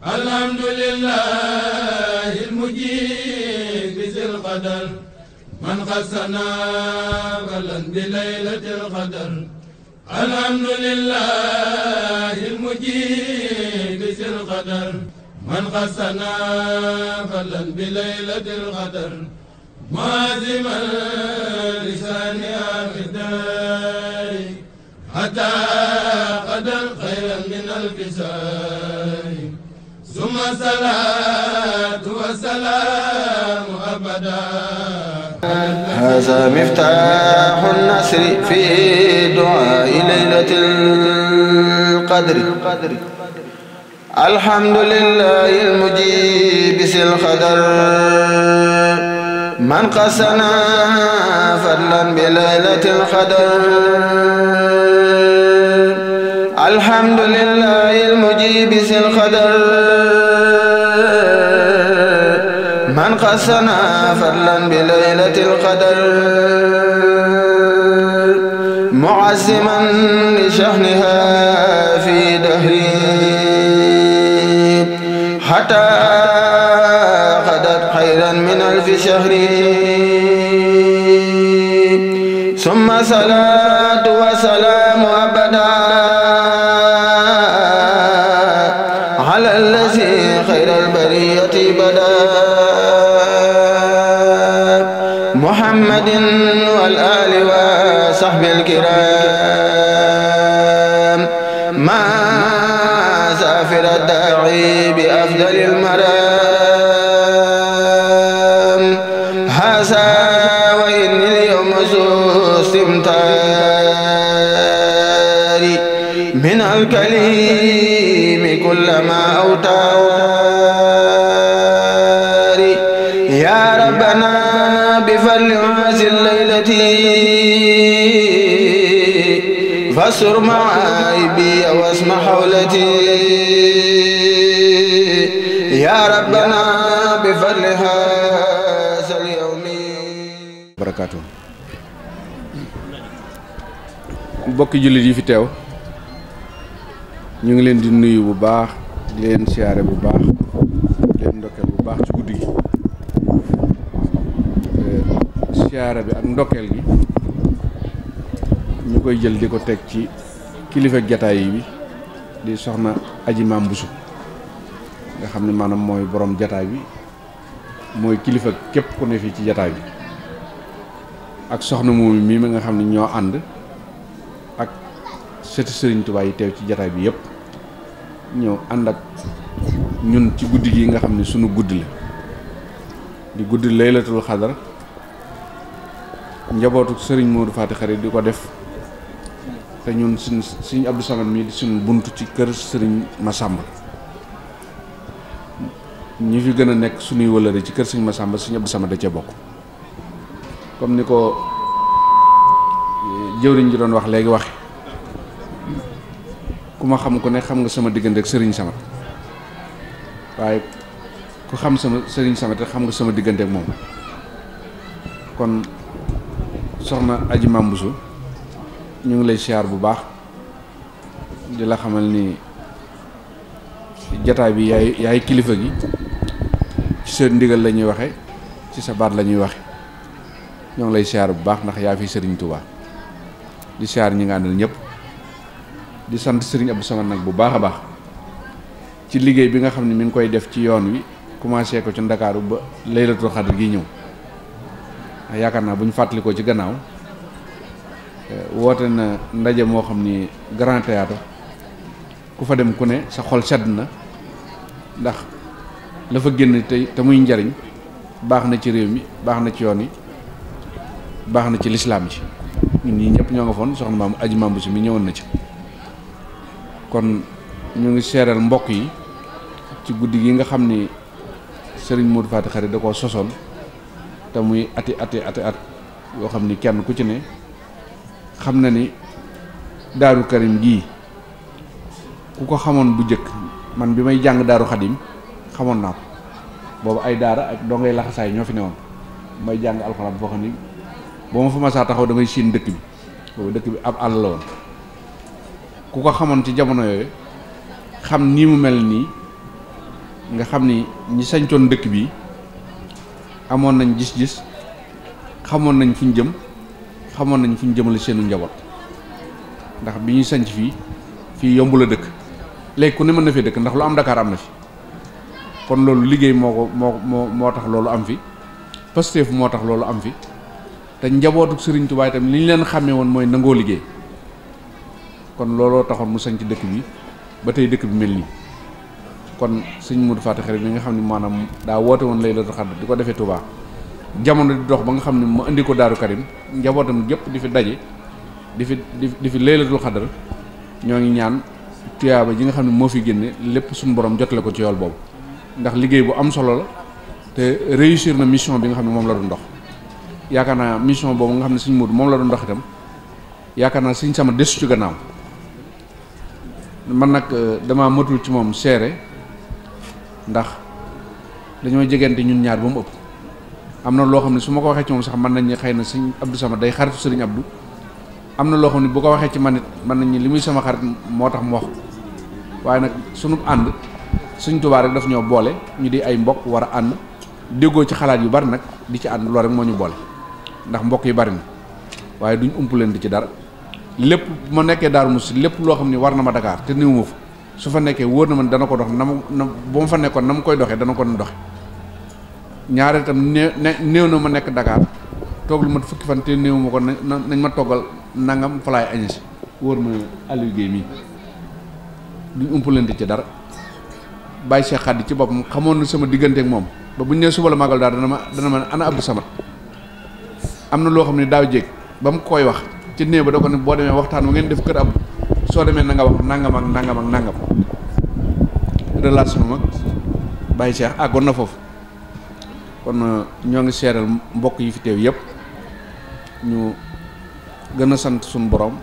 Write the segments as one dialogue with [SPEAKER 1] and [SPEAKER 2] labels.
[SPEAKER 1] alhamdulillah almujib zil qadar man xasana balan bi laylatil qadar alhamdulillah almujib zil qadar man xasana balan bi laylatil qadar maaziman lisaani amidaari xataa qadar xayran min alfisaar والصلاة والسلام
[SPEAKER 2] أبدا هذا مفتاح النصر في دعاء ليلة القدر الحمد لله المجيب ذي القدر من قسنا فضلا بليلة القدر الحمد لله المجيب ذي القدر من قسنا فضلا بليلة القدر معزما لشأنها في دهري حتى قدت خيرا من ألف شهر ثم سلام فليعز ليلتي فاستر معايبي واسمع
[SPEAKER 3] jullit yi fi teew ñu ngi leen di nuyu bu baax di leen siyaare bu baax di leen ndokkeel bu baax ci guddi gi siyaara bi ak ndokkeel bi ñu koy jël di ko teg ci kilifa jataay bi di soxna aji maam busu nga xam ne maanaam mooy boroom jataay bi mooy kilifa képp ku ne fii ci jataay bi ak soxna moom mii mi nga xam ne ñoo ànd ak sëti sëriñ Tuubaa yi teew ci jataay bi yëpp ñëw ànd ak ñun ci guddi gi nga xam ni sunu guddi la di guddi laylatul xadar njabootu sëriñ moo Modou Faty Khary di ko def te ñun suñ suñ Abdou Samad mii di suñ bunt ci kër sëriñ ma sàmb ñi fi gën a nekk suñuy wëlëre ci kër sëriñ Massamba suñ Abdou Samad da cee bokk comme ni ko eh, jëwriñ ji doon wax léegi waxe ku ma xam ko ne xam nga sama diggante ak sëriñ Samad waaye ku xam sama sëriñ Samad te xam nga sama diggante ak moom kon soxna aji Mambusu ñu ngi lay siyaar bu baax di la xamal ni jataay bi yaay yaay kilifa gi ci sa ndigal la ñuy waxe ci sa baat la ñuy waxe ñoo ngi lay siyaar bu baax ndax yaa fi sëriñ Touba di siyaar ñi nga àndal ñëpp di sant sëriñ Abdou Samad nag bu baax a baax ci liggéey bi nga xam ne mu ngi koy def ci yoon wi commencé ko ci Ndakaaru ba laylatul xadr gi ñëw yaakaar naa bu ñu fàttalikoo ci gannaaw eh, woote na ndaje moo xam ni grand ku fa dem ku ne sa xol sedd na ndax la fa génn tey te muy njariñ baax na ci réew mi baax na ci yoon yi baax na ci lislaam ji ñun ñii ñëpp ñoo nga foon soxna maam aji maam si mi ñëwoon na ci kon ñu ngi seeral mbokk yi ci guddi gi nga xam ni sëriñ Modou Faty Khary da koo sosoon te muy ati ati ati at yoo xam ni kenn ku ci ne xam na ni daaru karim gii ku ko xamoon bu njëkk man bi may jàng daaru xadim xamoon naa ko boobu ay daara ak doo ngay laxasaay ñoo fi newoon may jàng alxuraan boo xam ni boo ma fa masaa taxaw damay siin dëkk bi boobu dëkk bi ab àll woon ku ko xamoon ci jamono yooyu xam nii mu mel nii nga xam ni ñi sañcoon dëkk bi amoon nañ gis-gis xamoon nañ fu ñu jëm xamoon nañ fu ñu jëmale seenu njaboot ndax bi ñuy sanc fii fii yomb la dëkk léegi ku ne mën na fee dëkk ndax lu am Dakar am na fi kon loolu liggéey moo ko moo moo moo tax loolu am fi Pastef moo tax loolu am fi te njabootu Serigne Touba itam li ñu leen xàmmee woon mooy nangoo liggéey kon looloo taxoon mu sanc dëkk bi ba tey dëkk bi mel nii. kon sëñ Modou Faty Khary nga xam ne maanaam daa woote woon Laylatul Qadr di ko defee Touba jamono dox ba nga xam ne ma indi ko Daaru Karim njabootam gépp fi daje di fi di di fi Laylatul Qadr ñoo ngi ñaan tuyaaba ji nga xam ne moo fi génne lépp suñu borom jotale ko ci yool boobu ndax liggéey bu am solo la te réussir na mission bi nga xam ne moom la doon ndox yaakaar naa mission boobu nga xam ne sëñ Modou moom la doon dox itam yaakaar naa sëñ sama desu ci gannaaw man nag euh, damaa matul ci moom seere ndax dañoo jegante ñun ñaar ba mu ëpp am na loo xam ne su ma ko waxee ci moom mën nañ xëy na sëñ Abdou Samad day xaritu sëriñ Abdou am na loo ne bu ko waxee ci man it mën nañ ne li muy sama xarit moo tax mu wax waaye nag sunu ànd suñ Tuubaa rek daf ñoo boole ñu di ay mbokk war a ànd déggoo ci xalaat yu bari nag di ci ànd loolu rek moo ñu boole ndax mbokk yi bari na waaye duñ ump leen di ci dara lépp bu ma nekkee Daaru si lépp loo xam ne war na ma dakaar te néew ma fa su fa nekkee wóor na ma ne dana ko dox na mu na bu ma fa nekkoon na mu koy doxee dana ko doxe ñaareel itam néew néew na ma nekk Dakar toog lu ma fukki fan te néew ma ko nañ ma toggal nangam falaay añe si wóor ma Aliou Guèye mii duñ umpalante ci dara bàyyi Cheikh Khady ci boppam xamoon na sama diggante ak moom ba bu ñu nee suba la màggal daal dana ma dana ma ana Abdou sama am na loo xam ne daaw jéeg ba mu koy wax ci néew ba da ko ne boo demee waxtaan bu ngeen def kër Abdou soo demee na nga wax nangam ak nangam ak nangam relation mag Baye Cheikh àggoon na foofu kon euh, ñoo ngi seeral mbokk yi fi teew yëpp ñu gën a sant suñu boroom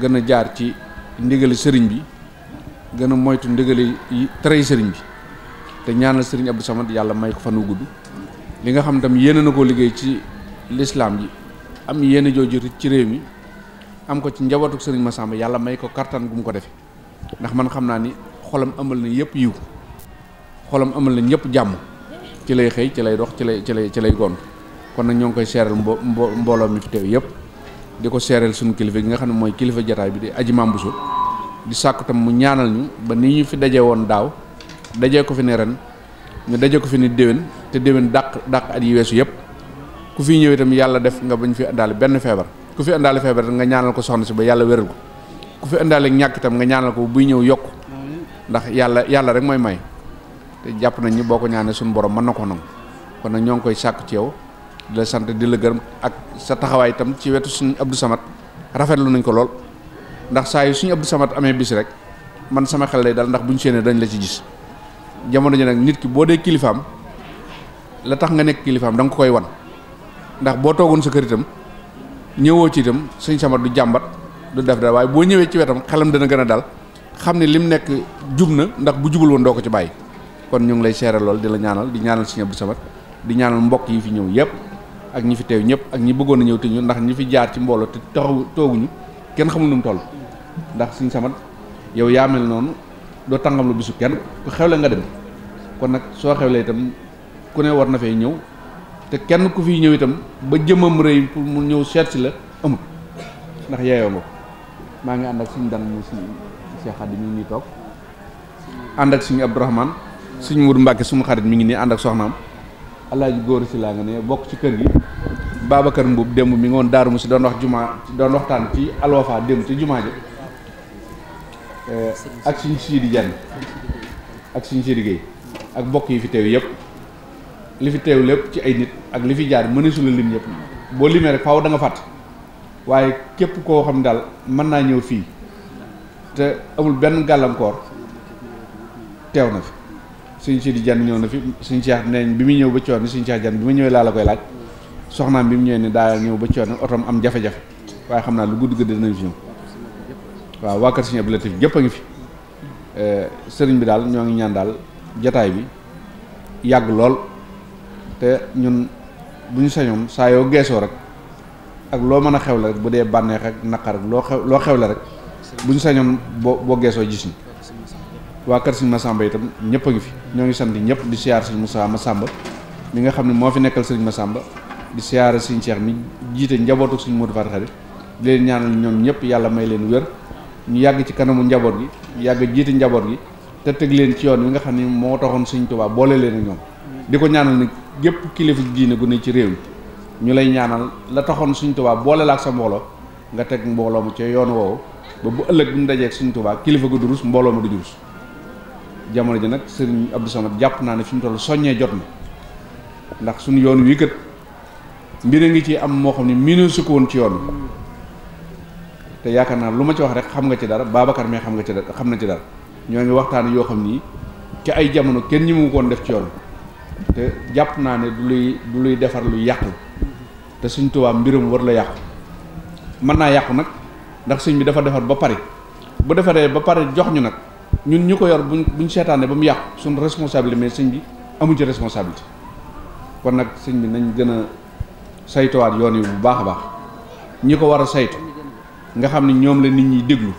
[SPEAKER 3] gën a jaar ci ndigali sëriñ bi gën a moytu ndigali yi sëriñ bi te ñaanal sëriñ Abdou Samad yàlla may ko fan wu gudd li nga xam tam yéene na koo liggéey ci lislaam yi am yéene jooju ci réew mi am ko ci njabootuk ma Massamba yàlla may ko kattan gu mu ko defee ndax man xam naa ni xolam amal na yëpp yiw xolam amal na ñëpp jàmm ci lay xëy ci lay dox ci lay ci lay ci gont kon nag ñoo ngi koy seeral mbo mbooloo mi fi teew yëpp di ko seeral suñu kilifa gi nga xam ne mooy kilifa jataay bi di aji mambusu di sàkku tam mu ñaanal ñu ba ni ñu fi dajee woon daaw dajee ko fi ne ren ñu daje ko fi ne déwén te déwén dàq dàq at yi weesu yëpp ku fi ñëw itam yàlla def nga bañ fi daal benn feebar ku fi indaale feebar nga ñaanal ko soxna si ba yàlla wéral ko ku fi indaale ñàkk itam nga ñaanal ko buy ñëw yokk ndax yàlla yàlla rek mooy may te jàpp nañ ni boo ko ñaanee suñu borom mën na koo nangu kon nag ñoo ngi koy sàkk ci yow di sant di la gërëm ak sa taxawaay itam ci wetu suñu Abdou Samad rafetlu nañ ko lool ndax saa yu suñu Abdou Samad amee bis rek man sama xel lay dal ndax buñ séenee dañ la ci gis jamono ji nag nit ki boo dee kilifaam la tax nga nekk kilifaam da ko koy wan ndax boo toogoon sa kër ñëwoo ci itam sëñ Samar du jàmbat du def dara waaye boo ñëwee ci wetam xelam dana gën a dal xam ne lim nekk jub na ndax bu jubal woon doo ko ci bàyyi kon ñu ngi lay seere lool di la ñaanal di ñaanal sëñ Abdou Samad di ñaanal mbokk yi fi ñëw yëpp ak ñi fi teew ñëpp ak ñi bëggoon a ñëw te ñu ndax ñi fi jaar ci mbooloo te taxaw tooguñu kenn xamul nu mu toll ndax sëñ Samar yow yaa mel noonu doo tàngam lu bisu kenn ku xewle nga dem kon nag soo xewlee itam ku ne war na fee ñëw te kenn ku fi ñëw itam ba jëmam rëy pour mu ñëw seet si la amul ndax yeeyoo nga maa ngi ànd ak suñu dan mu suñu Cheikh Xadi mi ngi nii toog ànd ak suñu Abdourahmane suñu Mour Mbàkke suma xarit mi ngi nii ànd ak soxnaam Alaaji Góor si laa nga bokk ci kër gi Babacar Mbuub démb mi ngi woon Daaru Musi doon wax jumaa doon waxtaan ci Alwafa démb ci jumaa ji eh, ak suñu Sidi Diagne ak suñu Sidi Gueye ak bokk yi fi teew yëpp li fi teew lépp ci ay nit ak li fi jaar mëne su la lim yëpp boo limee rek faaw da nga fàtt waaye képp koo xam daal mën naa ñëw fii te amul benn gàllankoor teew na fi suñ si di jan ñëw na fi suñ seex neeñ bi mu ñëw ba coon ni suñ seex jan bi mu ñëwee laa la koy laaj soxnaam bi mu ñëwee ni daal ñëw ba coon otom am jafe-jafe waaye xam naa lu gudd gëdd dinañ fi ñëw waaw waa kër Sëriñ Abdou Latif jëpp a ngi fi eh, sëriñ bi daal ñoo ngi ñaan daal jataay bi yàgg lool te ñun bu ñu sañoon saa yoo geesoo rek ak loo mën a xewle rek bu dee bànneex ak naqar ak loo xew loo xewle rek bu ñu sañoon boo boo geesoo gis ñu waa kër Serigne Massamba itam ñëpp a ngi fi ñoo ngi sant ñëpp di siyaar Serigne Moussa Massamba mi nga xam ne moo fi nekkal Serigne Massamba di siyaare Serigne Cheikh mi jiite njabootu Serigne Modou Faty Khary di leen ñaanal ñoom ñëpp yàlla may leen wér ñu yàgg ci kanamu njaboot gi yàgg jiite njaboot gi te teg leen ci yoon wi nga xam ne moo taxoon Serigne Touba boole leen ak ñoom di gépp kilifa diine gu ne ci réew mi ñu lay ñaanal la taxoon suñu tubaa boole sa mbooloo nga teg mbooloo mu ca yoon woowu ba bu ëllëg bu ñu dajeeg suñ tubaa kilifa gu durus mbooloo mu du durus jamono ji nag sëriñ Abdou jàpp naa ne fi mu toll soññee jot na ndax suñu yoon wii kat mbir a ngi ci am moo xam ne miinoo ko woon ci yoon te yaakaar naa lu ma ci wax rek xam nga ci dara Babacar mais xam nga ci dara xam na ci dara ñoo ngi waxtaan yoo xam ni ci ay jamono kenn ñi mu ko def ci yoon te jàpp naa ne du luy du luy defar lu yàqu te suñ Tuubaa mbirum war la yàqu mën naa yàqu nag ndax suñ bi dafa defar ba pare bu defaree ba pare jox ñu nag ñun ñu ko yor buñ buñ seetaanee ba mu yàqu suñ responsabilité mais suñ bi amu ci responsabilité kon nag suñ bi nañ gën a saytuwaat yoon yi bu baax a baax ñi ko war a saytu nga xam ne ñoom la nit ñi déglu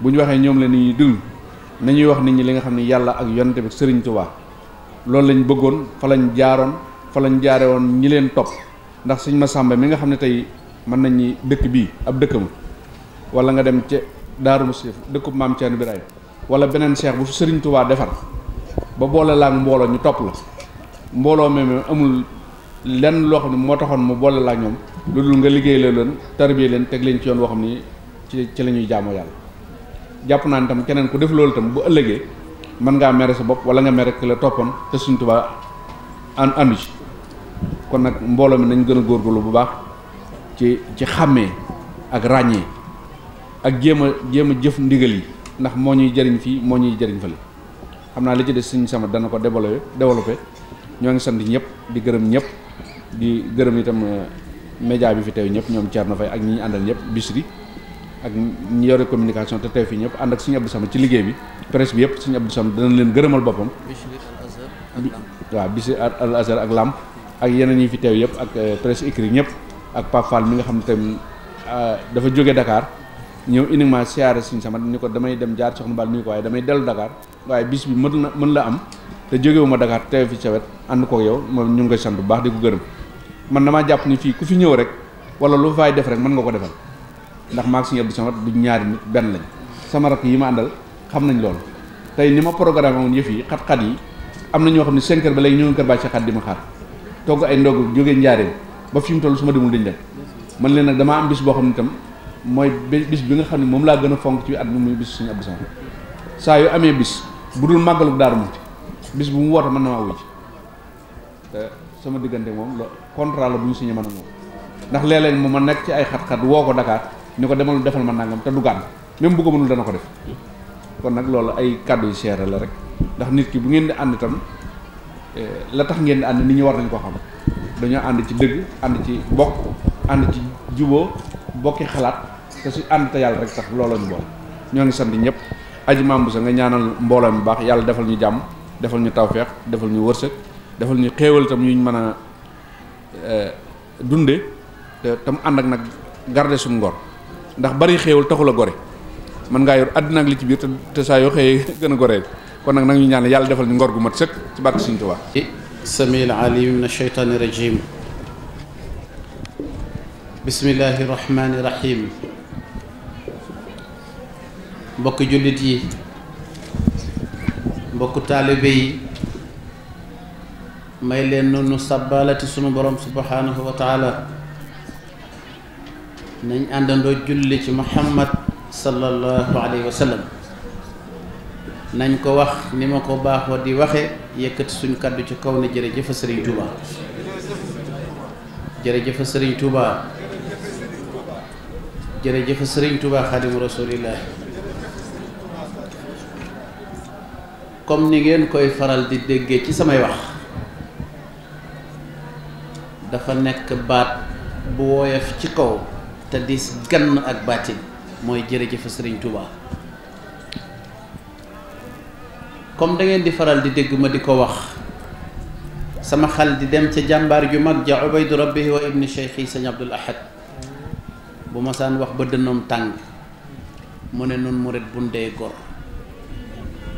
[SPEAKER 3] bu ñu waxee ñoom la nit ñi déglu nañuy wax nit ñi li nga xam ne yàlla ak yonent bi sëriñ Tuubaa loolu lañu bëggoon fa lañ jaaroon fa lañ jaare woon ñi leen topp ndax suñ ma sàmba mi nga xam ne tey mën nañu dëkk bii ab dëkk dëkkam wala nga dem ca Daaru Musi dëkkub maam Thierno Birahim wala beneen cheikh bu fi Sëriñ Tuubaa defar ba boole laa mbooloo ñu topp la mbooloo même amul lenn loo xam ne moo taxoon mu boole laa ñoom loolu nga liggéey la leen tarbiye leen teg leen ci yoon woo xam ni ci ci la ñuy jaamoo yàlla jàpp naa ne tam keneen ko def loolu tam bu ëllëgee mën ngaa mere sa bopp wala nga mere ki la toppoon te Sëriñ Tuubaa an andu ci kon nag mbooloo mi nañ gën a góorgóorlu bu baax ci ci xàmmee ak ràññee ak jéem a jéem a jëf ndigal yi ndax moo ñuy jëriñ fii moo ñuy jëriñ fële xam naa li ci des Sëriñ Sama dana ko développé développé ñoo ngi sant ñëpp di gërëm ñëpp di gërëm itam euh, média bi fi teew ñëpp ñoom na fay ak ñi ñu àndal ñëpp Bichri ak ñi yore communication te teew fi ñëpp ànd ak suñu Abdou Samad ci liggéey bi presse bi yëpp suñu Abdou Samad dana leen gërëmal boppam waaw bisi al azhar ak lamp ak yeneen yi fi teew yëpp ak euh, presse écrit ñëpp ak Pape mi nga xam ne tam euh, dafa jóge Dakar ñëw uniquement siyaare suñu Samad ni ko damay dem jaar soxna Bal nuyu ko waaye damay dellu Dakar waaye bis bi mën na mën la am te jógewuma Dakar teew fi sa wet ànd ko yow moom ñu ngi koy sant bu baax di ko gërëm man damaa jàpp ni ku fi ñëw rek wala lu faay def mën nga ko defal ndax maag suñu Abdou Samad duñ ñaari benn lañ sama rakk yi ma àndal xam nañ loolu tey ni ma programme woon yëf yi xat-xat yi am na ñoo xam ne cinq heures ba léegi ñoo ngi kër bàyyi si xat di xaar togg ay ndog jógee njaareem ba fi mu toll su ma demul dañ man leen nag damaa bis boo xam ne itam mooy bis bi nga xam ne moom laa gën a fonk at mi muy bis suñu Abdou Samad saa yu amee bis bu dul màggalu Daaru Muxti bis bu mu woote mën na maa wuy ci te sama diggante moom la contrat la bu ñu signé mën a moom ndax léeg-léeg mu ma nekk ci ay xat-xat woo ko Dakar ni ko demal defal ma nangam te du gànn même bu ko dana ko def kon nag loolu ay kàddu yu seere la rek ndax nit ki bu ngeen di ànd itam eh, la tax ngeen di ànd ni ñi war nañ ko xam dañoo ànd ci dëgg ànd ci bokk ànd ci juboo bokki xalaat te su ànd te yàlla rek tax looloo ñu ñoo ngi sant ñëpp aji maam sa nga ñaanal mbooloo mi baax yàlla defal ñu jàmm defal ñu tawfeex defal ñu wërsëg defal ñu xéewal tam yu ñu mën a eh, dunde te tam ànd ak nag garder suñu ngor ndax bari xéewal taxul a gore mën ngaa yor àddina ak li ci biir te saa yoo xëyee gën a goreel kon nag nag ñu ñaan yàlla defal ñu ngor gu mat sëkk ci barke Sëriñ Tuubaa samiil aliim min ash-shaytaani rajiim
[SPEAKER 4] bismillaahi rahmaani rahiim mbokki jullit yi mbokku taalibe yi may leen noonu sàbbaalati sunu borom subhaanahu wa nañ àndandoo julli ci muhammad sallallahu alayhi wa sallam nañ ko wax ni ma ko baaxoo di waxe yëkkati suñu kàddu ci kaw jëre jërëjëfa sëriñ Touba jërëjëfa sëriñ Touba jërëjëfa sëriñ Touba xaadimu rasulillah comme ni ngeen koy faral di déggee ci samay wax dafa nekk baat bu woyof ci kaw te di gann ak baatin mooy jërëjëf sëriñ Touba comme da di faral di dégg ma di ko wax sama xal di dem ca jàmbaar ju mag ja ubaydu rabbihi wa ibni cheikhi sëñ Abdul Ahad bu ma saan wax ba dënnoom tàng mu ne nun murit buñ dee gor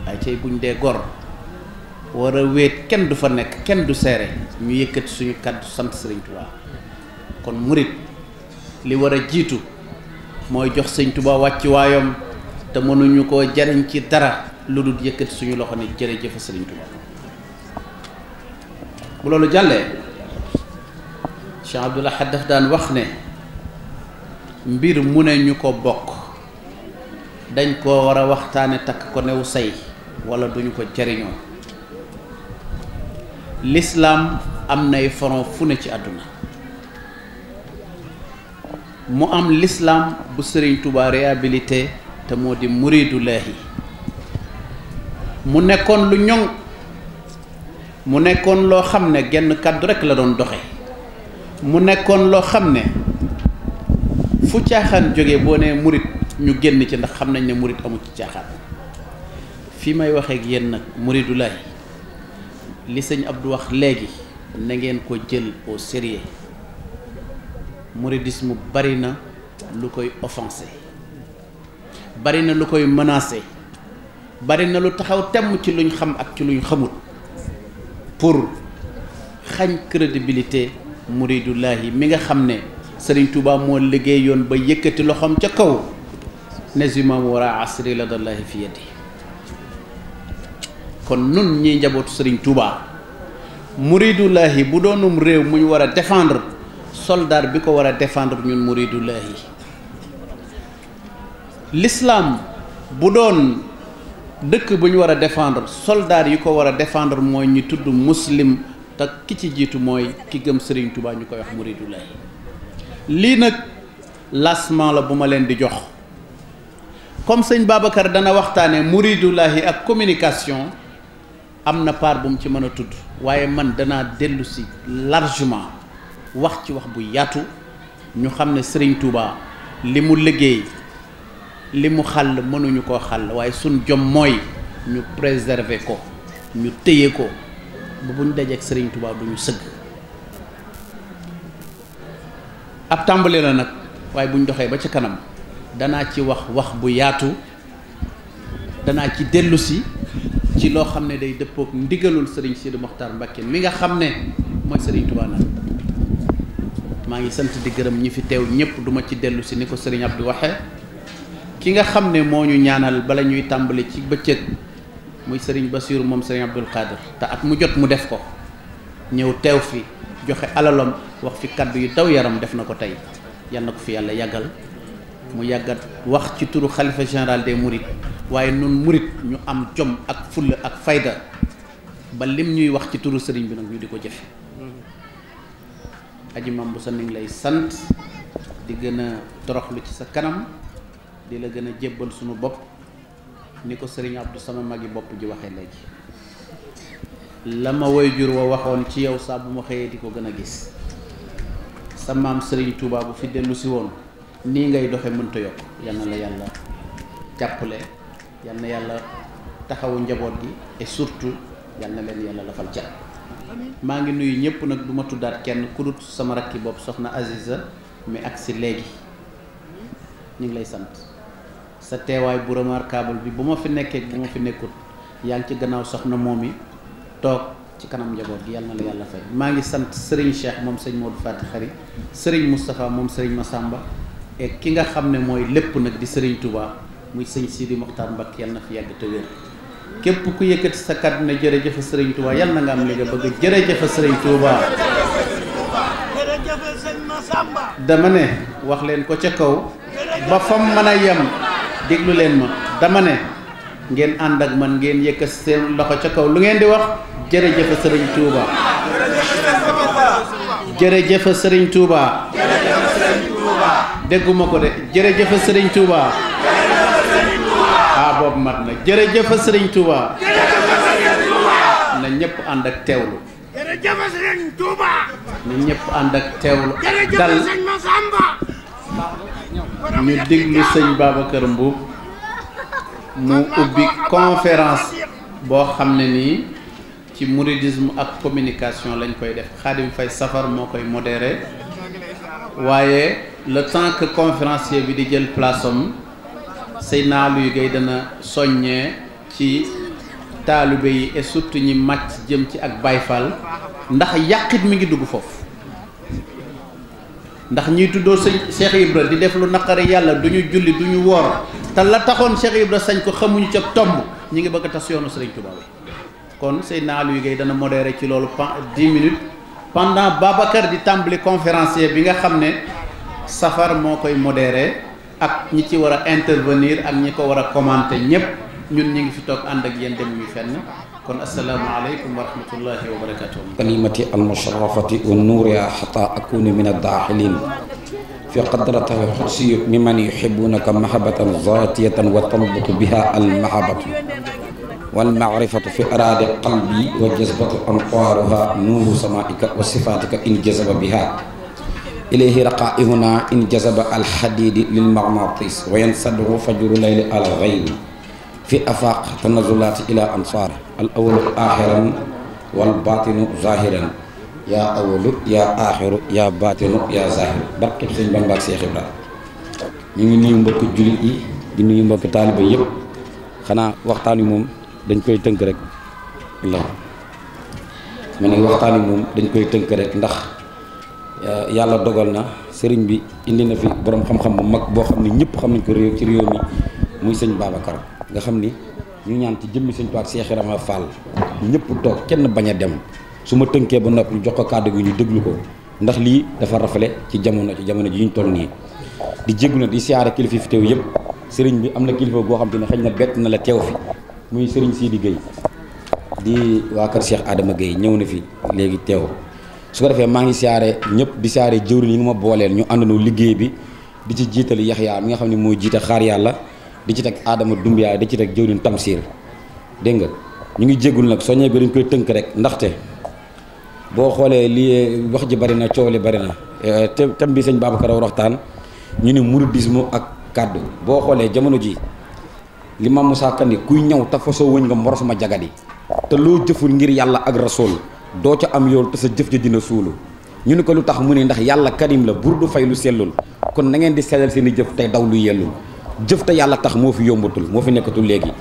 [SPEAKER 4] waaye cay buñ dee gor war a wéet kenn du fa nekk kenn du seere ñu yëkkati suñu kàddu sant sëriñ Touba kon murit li war a jiitu mooy jox sëñ Tuubaa wàcc te mënuñu koo jariñ ci dara lu dul yëkkati suñu loxo ni jërëjëf sëriñ Tuubaa bu loolu jàllee Cheikh Abdoul Ahad daf daan wax ne mbir mu ne ñu ko bokk dañ ko war a waxtaane takk ko newu say wala duñu ko jariñoo lislaam am nay faron fu ne ci àdduna mu am l'islam bu Serigne Touba réhabilité te moo di muridullahi mu nekkoon lu ñoŋ mu nekkoon loo xam ne genn kàddu rekk la doon doxe mu nekkoon loo xam ne fu caaxaan jóge boo ne murit ñu génn ci ndax xam nañ ne murit amul ci caaxaan fii may waxee ak yéen nag muridullahi li sëñ Abdou wax léegi na ngeen ko jël au sérieux mouridisme bari na lu koy offensé bari na lu koy menacé bari na lu taxaw temm ci luñ xam ak ci luñ xamut pour xañ crédibilité muridullahi mi nga xam ne Serigne Touba moo liggéey yoon ba yëkkati loxoom ca kaw nezimam wara asri la dallahi fi yadi kon nun ñiy njabootu Serigne Touba muridullahi bu doonum réew muñ war a défendre soldaar bi ko war a défendre ñun muridullahi lislaam bu doon dëkk bu ñu war a défendre soldat yi ko war a défendre mooy ñu tudd muslim te ki ci jiitu mooy ki gëm Serigne Touba ñu koy wax muridullahi lii nag lancement la bu ma leen di jox comme sëñ Babacar dana waxtaanee muridullahi ak communication am na part bu mu ci mën a tudd waaye man danaa dellusi si largement wax ci wax bu yaatu ñu xam ne sëriñ Touba li mu liggéey li mu xàll mënuñu koo xàll waaye suñ jom mooy ñu préserver ko ñu téye ko ba buñ dajeek Serigne Touba du ñu sëgg ab tàmbali la nag waaye buñ doxee ba ci kanam danaa ci wax wax bu yaatu danaa ci dellu ci loo xam ne day dëppook ndigalul Serigne Sidi Mokhtar Mbacké mi nga xam ne mooy sëriñ Touba nag maa ngi sant di gërëm ñi fi teew ñëpp duma ci dellu si ni ko sëriñ di waxee ki nga xam ne moo ñu ñaanal bala ñuy tàmbali ci bëccëg muy sëriñ Basiiru moom sëriñ Abdul Qadir te at mu jot mu def ko ñëw teew fi joxe alalam wax fi kàddu yu daw yaram def na ko tey yal na ko fi yàlla yàggal mu yàggat wax ci turu xalifa général des Mourides waaye nun murit ñu am jom ak fulla ak fayda ba lim ñuy wax ci turu sëriñ bi nag ñu di ko jëfe aji mam sa ni lay sant di gën a toroxlu ci sa kanam di la gën a jébbal sunu bopp ni ko sëriñ Abdou sama magi bopp ji waxee ji la ma way jur wa waxoon ci yow saa bu ma xëyee di ko gën a gis sa maam sëriñ Touba bu fi dellu si woon nii ngay doxe mënta yokk yal na la yàlla jàppale yal yàlla taxawu njaboot gi et surtout yal na leen yàlla lafal ca maa ngi nuyu ñëpp nag du ma tuddaat kenn ku sama rakki bopp soxna Aziza mi agsi léegi ñu ngi lay sant sa teewaay bu remarquable bi bu ma fi nekkee bu ma fi nekkut yaa ngi ci gannaaw soxna moom yi toog ci kanam njaboot gi yàlla na la yàlla fay maa ngi sant Serigne Cheikh moom sëñ Modou Fati Xari Serigne Moustapha moom ma sàmba et ki nga xam ne mooy lépp nag di Serigne tubaa muy sëñ Sidi Mokhtar Mbacke yàlla na fi yàgg te wér képp ku yëkkati sa kàddu ne jërëjëf sëriñ Touba yal na nga am li nga bëgg jërëjëf sëriñ Touba dama ne wax leen ko ca kaw ba fam mën déglu leen ma dama ngeen ànd ak man ngeen yëkkati seen loxo ca kaw lu ngeen di wax jërëjëf sëriñ Touba jërëjëf sëriñ Touba dégguma ko de jërëjëf sëriñ Touba. boobu na jërëjëf sëriñ na ñëpp ànd ak teewlu.
[SPEAKER 1] jërëjëf sëriñ Touba.
[SPEAKER 4] na ñëpp ànd ak teewlu ak dal ñu diglu sëñ Babacar Mbuub mu ubbi conférence boo xam ne nii ci mouridisme ak communication lañ koy def Xaadim Fay Safar moo koy modere waaye le temps que conférencier bi di jël place Seydina Aliou géey dana soññee ci taalibe yi et surtout ñi màcc jëm ci ak bayfal ndax yàqit mu ngi dugg foofu ndax ñiy tuddoo sëñ Cheikh Ibra di def lu naqari yàlla du ñu julli du ñu woor te la taxoon Cheikh Ibra sañ ko xamuñu ca tomb ñi ngi bëgg a tas yoonu Serigne Touba kon Seydina Aliou Gueye dana modéré ci loolu pan dix minutes pendant Babacar di tàmbali conférencier bi nga xam ne safar moo koy modéré. ak ñi ci war a intervenir ak ñi ko war a commenter ñëpp ñun ñu ngi fi toog ànd ak yéen demuñu fenn kon asalaamaaleykum wa rahmatullahi wa barakatuh
[SPEAKER 5] kalimati almusharafati wa nuuriha xata akunu min addaxilin fi qadrata xusiyut miman yuxibunaka mahabatan zatiyatan wa tanbutu biha almahabatu walmaarifatu fi araadi qalbi wa jazbatu anqaaruha nuuru samaaika wa sifaatika in jazaba biha ilayhi raqaihuna in jazaba alxadidi lilmagnatis wa yansadhu fajru layli alxayni fi afaq tanazulati ila ansaar al awalu axiran wal batinu zahiran yaa awalu yaa axiru yaa batinu yaa zahiru barkeb sëñ Bamba ak Seex Ibra ñu ngi nuyu mbokki jullit yi di nuyu mbokki taaliba yëpp xanaa waxtaan wi moom dañ koy tënk rek la ma ne waxtaan moom dañ koy tënk rek ndax Euh, yàlla dogal na sëriñ bi indi na fi boroom xam-xam bu mag boo xam ni ñëpp xam nañ ko réew ci réew mi muy sëñ Babacar nga xam ni ñu ñaan ci jëmmi sëñ Tuubaa ak Cheikh Ibrahima Fall ñëpp toog kenn bañ a dem su ma tënkee ba noppi ñu jox ko kàddu gi ñu déglu ko ndax lii dafa ci jamono ci jamono ji ñu toll nii di jéggu di siyaare kilifa fi yëpp sëriñ bi am na kilifa boo xam te ne xëy na bett na la teew muy sëriñ Sidi Gueye di waa kër Cheikh Adama Gueye ñëw na fi léegi teew su ko defee maa ngi siyaare ñëpp di siyaare jëwriñ yi ma booleel ñu àndandoo liggéey bi di ci jiital Yaxya mi nga xam ne mooy jiite xaar yàlla di ci teg aadama Dumbiyaay di ci teg jëwriñ Tamsir dégg nga ñu ngi jéggul nag soññee bi dañ koy tënk rek ndaxte boo xoolee li eh, wax ji bari na coow li bari na eh, te tam bi sëñ Babacar war waxtaan ñu ni mouridisme ak kàddu boo xoolee jamono ji li ma Moussa Kane kuy ñëw ta fasoo wëñ nga moros ma jagat yi te loo jëful yàlla ak doo ca am yool te sa jëf ja dina suulu ñu ne ko lu tax mu ni ndax yàlla karim la buur du fay lu sellul kon na ngeen di sellal seen jëf tey daw lu yellul jëf te yàlla tax moo fi yombatul moo fi nekkatul léegi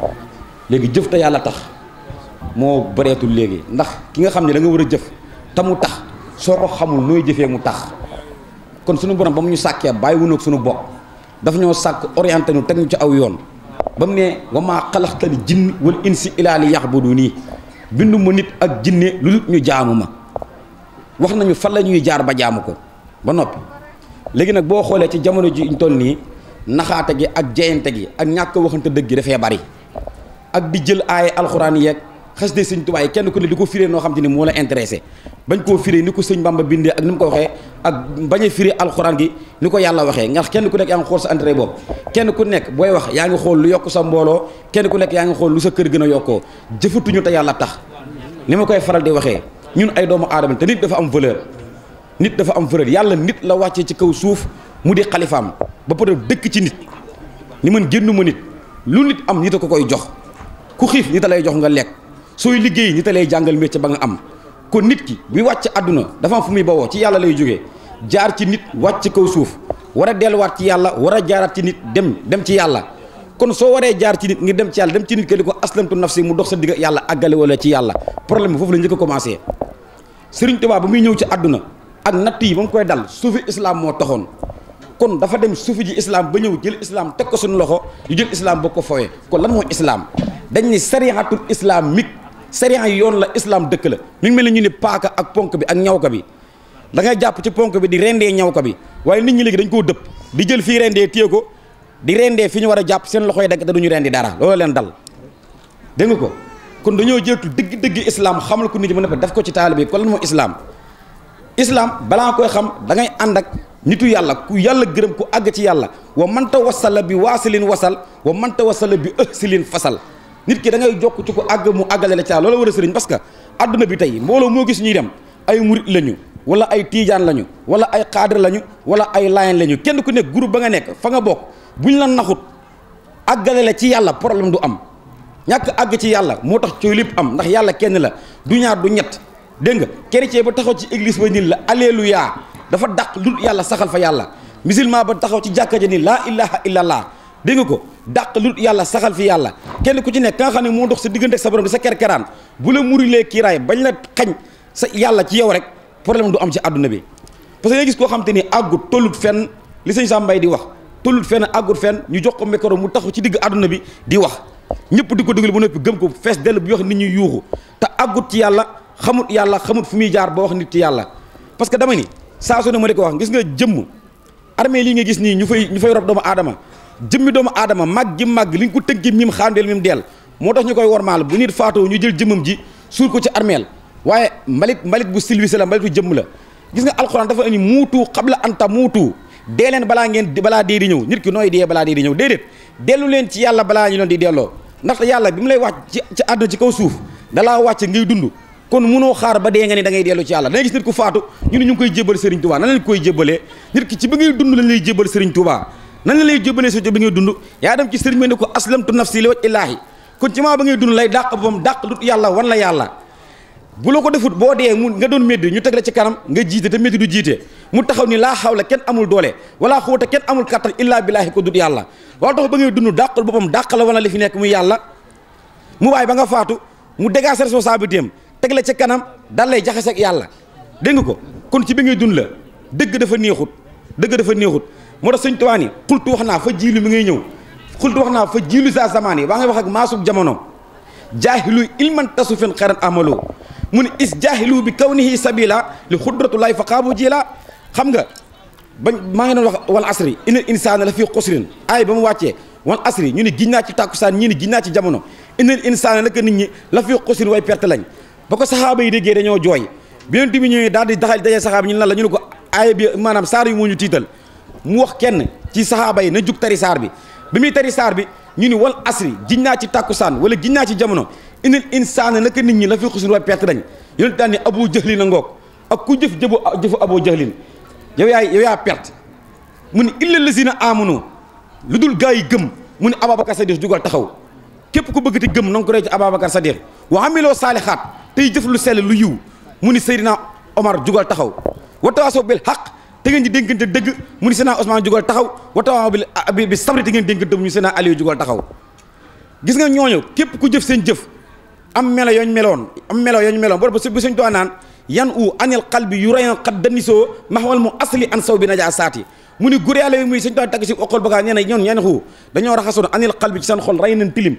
[SPEAKER 5] léegi jëf te yàlla tax moo bareetul léegi ndax ki nga xam ne danga war a jëf te mu tax soo ko xamul nooy jëfee mu tax kon suñu borom ba mu ñu sàkkee bàyyi wuñu ak suñu bopp dafa ñoo sàkk orienté ñu teg ñu ci aw yoon ba mu ne wa maa xalaxtali jinn wal insi ilaa li yaxbudu nii bindu ma nit ak jinne lu ñu jaamu ma wax nañu fan la ñuy jaar ba jaamu ko ba noppi léegi nag boo xoolee ci jamono ji ñu toll nii naxaate gi ak jeyante gi ak ñàkk waxante dëgg gi dafee bari ak di jël aaye alxuraan yeeg xasida sëñ Tuubaa yi kenn ku ne di ko firee noo xam te ni moo la intéressé bañ koo firee ni ko sëñ Bamba bindee ak ni mu ko waxee ak bañ a firee alxuraan gi ni ko yàlla waxee ndax kenn ku nekk yaa ngi xool sa intérêt boobu kenn ku nekk booy wax yaa ngi xool lu yokk sa mbooloo kenn ku nekk yaa ngi xool lu sa kër gën a yokkoo jëfatuñu te yàlla tax ni ma koy faral di waxee ñun ay doomu aadama te nit dafa am valeur nit dafa am valeur yàlla nit la wàccee ci kaw suuf mu di xalifaam ba pare dëkk ci nit ni man génnu ma nit lu nit am nit a ko koy jox ku xiif nit a lay jox nga lekk sooy liggéey ñi te lay jàngal métier ba nga am kon nit ki bu wàcc àdduna dafa am fu muy bawoo ci yàlla lay jógee jaar ci nit wàcc kaw suuf war a delluwaat ci yàlla war a jaaraat ci nit dem dem ci yàlla kon soo waree jaar ci nit ngir dem ci yàlla dem ci nit ke li ko aslamtu nafsi mu dox sa digg yàlla àggale wala ci yàlla problème bi foofu la njëkk a commencé Sëriñ ba muy ñëw ci àdduna ak natt yi ba mu koy dal suufi islam moo taxoon kon dafa dem suufi ji islam ba ñëw jël islam teg ko suñu loxo jël islam boo ko fowee kon lan mooy islam dañ sariya yi yoon la islam dëkk la mi mel na ñu ni paaka ak ponk bi ak ñaw ka bi da ngay jàpp ci ponk bi di rendee ñaw ko bi waaye nit ñi léegi dañ koo dëpp di jël fii rendee téye ko di rendee fi ñu war a jàpp seen loxo yi dagg te duñu rendi dara loolu leen dal dégg nga ko kon dañoo jëetu dëgg-dëgg islam xamal ko nit ñi mën a def ko ci taalibe bi kon lan mooy islaam islam balaa koy xam da ngay ànd ak nitu yàlla ku yàlla gërëm ku àgg ci yàlla wa manta wasala bi waasilin wasal wa manta wasala bi ëhsilin fasal nit ki da ngay jokk ci ko àgg mu àggale la caa loola war a sëriñ parce àdduna bi tey mbooloo moo gis ñuy dem ay murit lañu wala ay tiijaan lañu wala ay xaadir lañu wala ay laayeen lañu kenn ku nekk groupe ba nga nekk fa nga bokk buñ la naxut àggale la ci yàlla problème du am ñàkk àgg ci yàlla moo tax cooy lépp am ndax yàlla kenn la du ñaar du ñett dégg nga chrétien ba taxaw ci église ba nii la yaa dafa dàq lu yàlla saxal fa yàlla musulman ba taxaw ci jàkka ja nii laa ilaha illallah dégg nga ko dàq lu yàlla saxal fi yàlla kenn ku ci nekk ka xam ne moo dox sa diggante ak sa borom di sa kerkeraan bu la murilee kiiraay bañ la xañ sa yàlla ci yow rek problème du am ci àdduna bi parce que nga gis koo xam ni àggut tollut fenn li sëñ Sam Mbaye di wax tollut fenn àggut ñu jox ko micro mu taxu ci digg àdduna bi di wax ñëpp di ko déglu ba noppi gëm ko fees dell bu wax nit ñuy yuuxu te àggut ci yàlla xamut yàlla xamut fu muy jaar ba wax nit ci yàlla parce que dama ni saa su ne ma di ko wax gis nga jëmm armée lii nga gis nii ñu fay ñu fay rob doomu aadama jëmmi doomu aadama màgg gi màgg li ñu ko tëggee mim xaandeel mim deel moo tax ñu koy wormaal bu nit faatoo ñu jël jëmmam ji suul ko ci armeel mbalit mbalit bu la mbalitu jëmm la gis nga alxuraan dafa ni muutu xabla anta muutu dee leen balaa ngeen balaa dee di ñëw nit ki nooy dee balaa di ñëw déedéet dellu leen ci yàlla balaa ñu di delloo ndaxte yàlla bi mu lay wàcc ci ci àdduna ci kaw suuf dalaa wàcc ngay dund kon munoo xaar ba dee nga ni da ngay dellu ci yàlla da ngay nit ñu ñu koy jébal Serigne Touba na leen koy jébalee nit ki ci ba ngay dund lañ lay jébal Serigne Touba nan la lay jubbalee sa jub bi ngay dund yaa dem ci sëriñ ko aslamtu nafsi li waj illaahi kon ci maa ba ngay dund lay dàq boppam dàq lut yàlla wan la yàlla bu la ko defut boo dee mu nga doon médd ñu teg la ci kanam nga jiite te médd du mu taxaw ni laa xawla kenn amul doole wala xuuta kenn amul kàttan illaa billaahi ko dut yàlla wala tax ba ngay dund dàqal boppam dàq la wana li fi nekk muy yàlla mu waay ba nga faatu mu dégager responsabilité am teg la ci kanam dal lay jaxase ak yàlla dégg nga ko kon ci bi ngay dund la dëgg dafa neexut dëgg dafa neexut moo tax sëñ Tuubaa ni xultu wax naa fa jiilu mi ngay ñëw xultu wax naa fa jiilu saa zamaan yi waa ngay wax ak maasug jamono jaahilu ilman su fen xaran amalo mu ne is jaahilu bi kaw kawnihi sabila li xudratulaay fa xaabu ji la xam nga bañ maa ngi doon wax wal asri inal insaana la fii xusrin ay ba mu wàccee wan asri ñu ne giñ naa ci tàkkusaan ñii ne giñ naa ci jamono inal insaana naka nit ñi la fii xusrin way perte lañ ba ko saxaaba yi déggee dañoo jooy bi yonent bi daal di daxal dajee saxaaba ñu lan la ñu ne ko aaya saar yu moo ñu tiital mu wax kenn ci saxaaba yi na jug tari saar bi bi muy tari saar bi ñu ni wal asri jiñ naa ci tàkkusaan wala jiñ naa ci jamono inal insaana naka nit ñi la fi xusun wa perte dañ yonent daan ni abu jahlin a ngoog ak ku jëf jëbu jëfu abu jahlin yow yaay yow yaa perte mu ni illa lazina amanu lu dul gaa yi gëm mu ni Ababacar Sadiq jugal taxaw képp ku bëgg ti gëm na nga ko rey ci Ababacar Sadiq wa amiloo saalixaat tey jëf lu sell lu yiw mu ni Seydina Omar jugal taxaw wa tawaasoo bil xaq te ngeen di dénkante dëgg mu ni Seydina Ousmane jugal taxaw watawaa ah, bi bi sabri te ngeen dénkante mu ni Seydina Aliou jugal taxaw gis nga ñooñu képp ku jëf seen jëf am melo yooñ meloon am melo yooñ meloon boobu bi suñ doon yan u anil xal bi yu rayon xat danisoo maxamal mu asli an saw bi najaa bi ci seen xol rey nañ tilim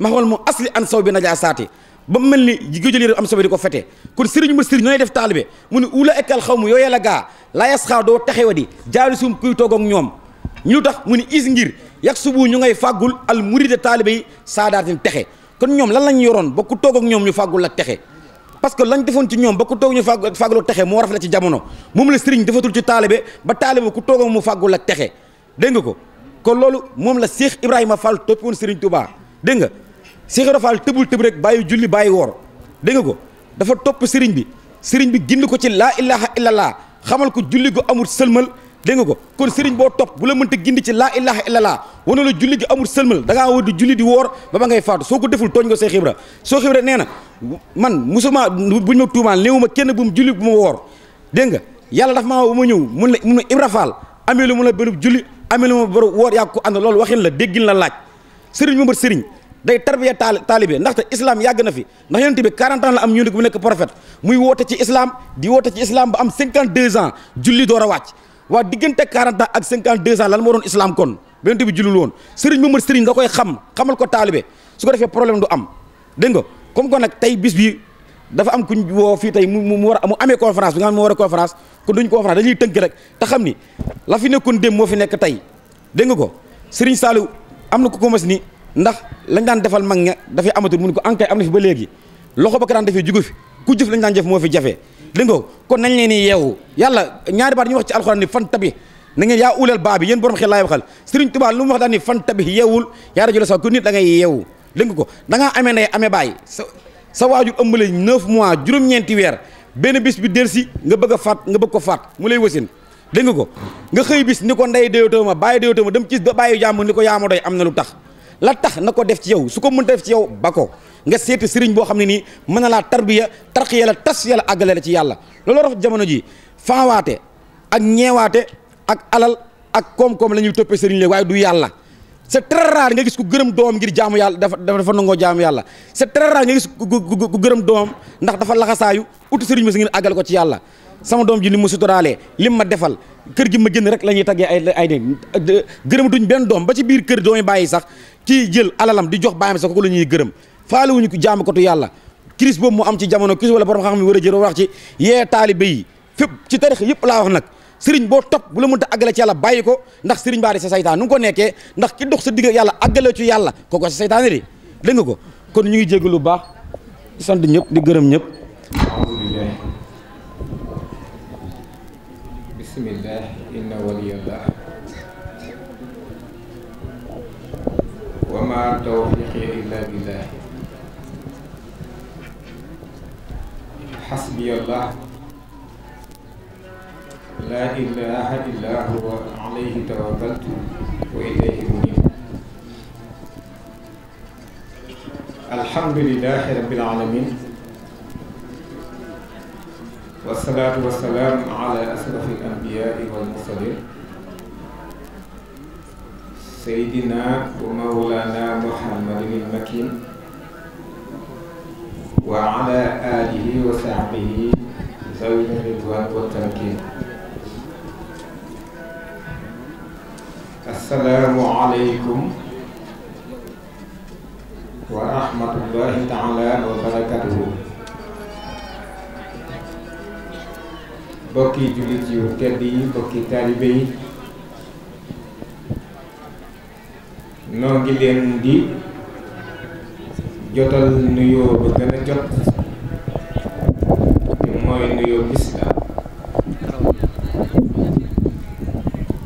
[SPEAKER 5] mu asli an saw bi najaa saati ba mel ni gi jël am sobe di ko fete kon sëriñ ma sëriñ nooy def taalibe mu ne ula ekkal xaw mu yooyee la gaa la yasxaa doo taxewa di jaari kuy toog ak ñoom ñu tax mu ne is ngir yàq ñu ngay fàggul al muride taalibe yi saadaatin texe kon ñoom lan lañ yoroon ba toog ak ñoom ñu fàggul la texe parce que lañ defoon ci ñoom ba ku toog ñu fàgg fàggul texe moo rafet la ci jamono moom la sëriñ defatul ci taalibe ba taalibe ku toog ak mu fàggul la texe dégg nga ko kon loolu moom la Cheikh Ibrahima Fall toppoon sëriñ Touba dégg nga Cheikh Ibra Fall tëbul tëb rek bàyyi julli bàyyi woor dégg ko dafa topp sëriñ bi sëriñ bi gindi ko ci laa ilaha illallah xamal ko julli gu amul sëlmal dégg ko kon sëriñ boo topp bu la mënta gindi ci laa ilaha illallah wane la julli gi amul sëlmal da ngaa di julli di woor ba ba soo ko deful tooñ nga Cheikh Ibra Cheikh Ibra nee na man musuma buñ ma tuumaal néewu ma kenn bu mu julli bu ma woor dégg nga yàlla dafa maa bu ma ñëw mun la mun na Ibra Fall amee la mun la benn julli amee lu ma borom woor yaa ko ànd loolu waxin la déggin la laaj sëriñ mu mbër sëriñ day tarbiya taal taalibe ndaxte islam yàgg na fi ndax yonent bi 40 ans am ñu nekk bu nekk prophète muy woote ci islam di woote ci islam ba am 52 ans julli door a wàcc waa diggante 40 ans ak 52 ans la moo doon islam kon yonent bi jullul woon sëriñ mu mën sëriñ nga koy xam xamal ko taalibe su ko defee problème du am dégg nga comme que nag tey bis bi dafa am kuñ woo fii tey mu mu war a mu amee conférence bi nga xam ne moo war a conférence kon duñ rek te xam ni la fi nekkoon démb moo fi nekk tey dégg nga ko sëriñ Saliou am na ku ko mas ni ndax lañ daan defal mag ña dafay amatul mun ko ankay am na fi ba léegi loxo ba ko daan defee jugu fi ku jëf lañ daan jëf moo fi jafe dégg nga kon nañ leen ni yeewu yàlla ñaari baat ñu wax ci alxuraan ni fan tabi na ngeen yaa ulal baa bi yéen borom xel laay waxal Sëriñ Tuubaa lu mu wax daan ni fan tabi yeewul yaa rajo la sax ku nit da ngay yeewu dégg nga ko da ngaa amee nday amee baay sa sa waajur ëmbale neuf mois juróom-ñeenti weer benn bis bi delsi nga bëgg a nga bëgg ko faat mu lay wasin dégg nga ko nga xëy bis ni ko nday déyotoo ma bàyyi déyotoo ma dem ci bàyyi jàmm ni ko yaa ma am na lu tax la tax na ko def ci yow su ko mënta def ci yow ba ko nga seeti sëriñ boo xam ne nii mën na laa tarbiya tarqiya la tas yàlla àggale la ci yàlla loolu rafet jamono ji faawaate ak ñeewaate ak alal ak koom-koom la ñuy toppee sëriñ léegi waaye du yàlla c'est très rare nga gis ku gërëm doom ngir jaamu yàlla dafa dafa nangoo jaamu yàlla c'est très rare nga gis ku gërëm doomam ndax dafa laxasaayu uti sëriñ bi si ngeen àggale ko ci yàlla sama doom ji ni mu suturaalee lim ma defal kër gi ma génn rek la ñuy taggee ay ay ne gërëmatuñ benn doom ba ci biir kër doomi bàyyi sax kii jël alalam di jox baayam sax kooku la ñuy gërëm faale wuñu ko jaamukatu yàlla crise boobu mu am ci jamono crise wala borom xam ne war a jël wax ci yee taalibe yi fépp ci tarix yëpp laa wax nag sëriñ boo topp bu la mënta àggale ci yàlla bàyyi ko ndax sëriñ baa di sa saytaan nu nga ko nekkee ndax ki dox sa digg yàlla àggale ci yàlla kooku sa saytaane di dégg nga ko kon ñu ngi jégg lu baax di sant ñëpp di gërëm ñëpp
[SPEAKER 6] وما توفيقي إلا بالله حسبي الله لا إله إلا هو عليه توكلت وإليه منيب الحمد لله رب العالمين والصلاة والسلام على أشرف الأنبياء والمرسلين سيدنا ومولانا محمد المكين وعلى آله وصحبه ذوي الرضوان والتمكين السلام عليكم ورحمة الله تعالى وبركاته bokki jullit yu tedd yi bokki taalibe yi noo ngi leen di jotal nuyoo ba gën a jot mooy nuyoo lislaam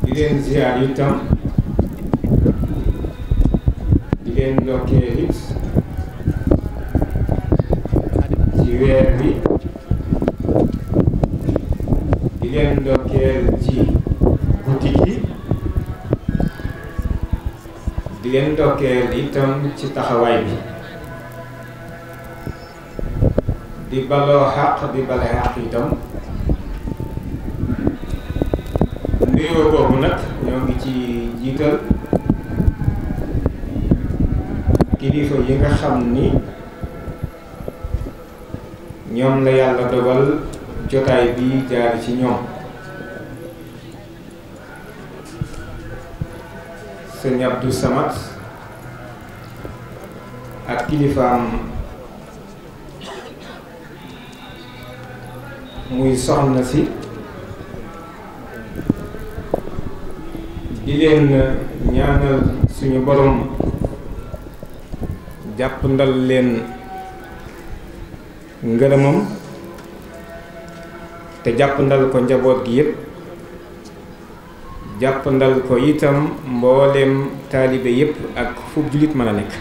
[SPEAKER 6] di leen ziar yi tam di leen ndokkee leen ndokkeel itam ci taxawaay bi di baloo xaq di bale xaq itam nuyoo boobu nag ñoo ngi ci jiital kilifa yi nga xam ni ñoom la yàlla dogal jotaay bi jaar ci ñoom sëñ Abdou Samad ak kilifaam muy soxna si di leen ñaanal suñu borom jàpp ndal leen ngërëmam te jàpp ndal ko njaboot gi yépp jàppandal ko itam mboolem taalibe yépp ak fu jullit mën a nekk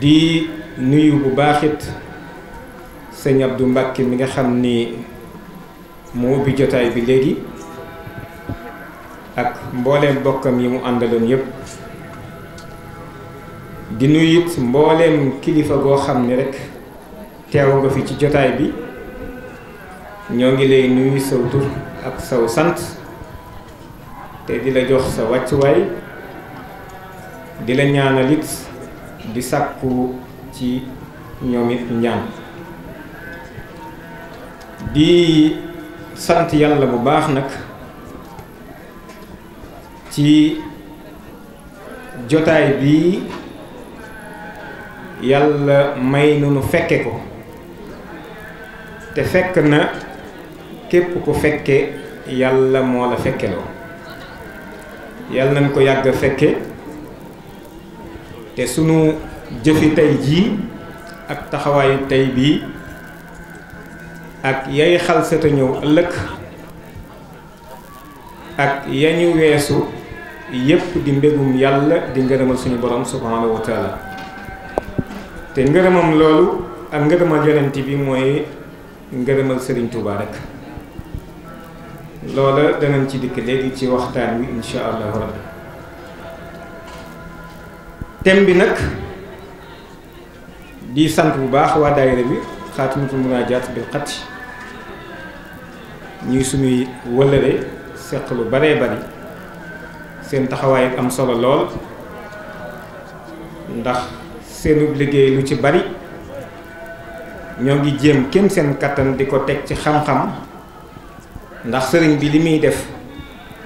[SPEAKER 6] di nuyu bu baaxit sëñ Abdou Mbàkke mi nga xam ni mu ubbi jotaay bi léegi ak mboolem bokkam yi mu àndaloon yépp di nuyu it mbooleem kilifa goo xam ni rek teew nga fi ci jotaay bi ñoo ngi lay nuyu saw tur ak saw sant te di la jox sa wàccuwaay di la ñaanalit di sàkku ci ñoom it ñaan di sant yàlla bu baax nag ci jotaay bi yàlla may nu nu fekke ko te fekk na képp ko fekke yàlla moo la fekkeloo yàlla nañ ko yàgg fekke te sunu jëfi tey jii ak taxawaayu tey bii ak yay xal xalsata ñëw ëllëg ak yañu weesu yépp di mbégum yàlla di ngërëmal suñu borom subhanahu wa te ngërëmam loolu ak ngërëmal yonent bi mooy ngërëmal Sëriñ Tuubaa rek loola danañ ci dikk léegi ci waxtaan wi insha allah rabbi thème bi nag di sant bu baax waa daayira bi xaatimatul munaajaat bil xat ñuy suñuy wëllëre seq lu baree bari seen taxawaay am solo lool ndax seenu liggéey lu ci bari ñoo ngi jéem kenn seen kattan di ko teg ci xam-xam ndax sëriñ bi li muy def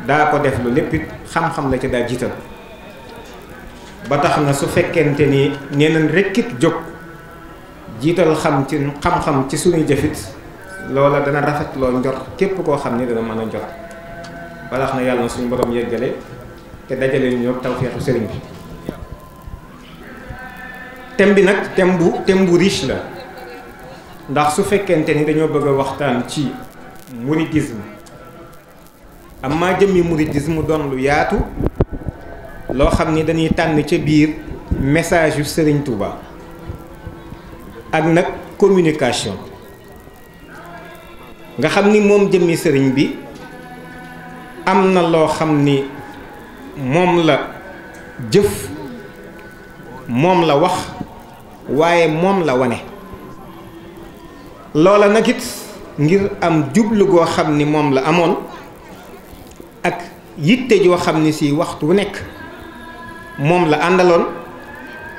[SPEAKER 6] daa ko def lu lépp it xam-xam la ci daa jiital ba tax na su fekkente ni neneen rekkit jóg jiital xam ci xam-xam ci suñuy jëfit loola dana rafet lool njort képp koo xam ni dana mën a njort ba tax na yàlla na suñu borom yeggale te dajale ñu ñoom tawfeexu sëriñ bi tem bi nag tem bu thème bu riche la ndax su fekkente ni dañoo bëgg a waxtaan ci muridisme amma jëmmi muridisme doon lu
[SPEAKER 7] yaatu loo xam ni dañuy tànn ca biir message yu Serigne Touba ak nag communication nga xam ni moom jëmmi sëriñ bi am na loo xam ni moom la jëf moom la wax waaye moom la wane loola nag it ngir am jublu goo xam ni moom la amoon ak yitte joo xam ni si waxtu wu nekk moom la àndaloon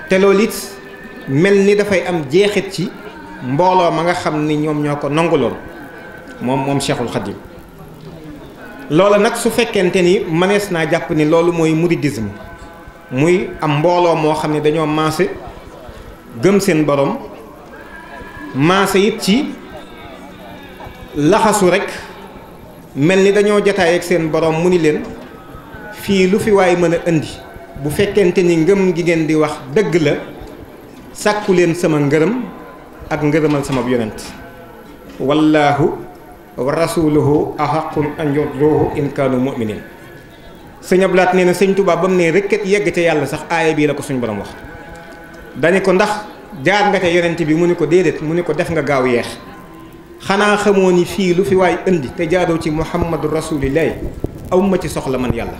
[SPEAKER 7] teloolit mel ni dafay am jeexit ci mbooloo ma nga xam ni ñoom ñoo ko nanguloon moom moom Cheikhul Khadim loola nag su fekkente ni mënees naa jàpp ni loolu mooy muridisme muy am mbooloo moo xam ne dañoo maase gëm seen boroom maase it ci laxasu rek mel ni dañoo jataay ak seen boroom mu ni leen fii lu fi waay mën a indi bu fekkente ni ngëm gi ngeen di wax dëgg la
[SPEAKER 6] sàkku leen sama ngërëm ak ngërëmal sama yonent wallaahu wa rasuluhu ahaqun an yurduhu in kaanu muminin sëñ
[SPEAKER 7] Ablaat nee na sëñ tubaab ba mu ne rëkkat yegg ca yàlla sax aaya bii la ko suñ borom wax dañu ko ndax jaar nga ca yonent bi mu ne ko déedéet mu ni ko def nga gaaw yeex xanaa xamoo ni fii lu fi waay indi te jaaroo ci muhammadu rasulillahi aw ma ci soxla man yàlla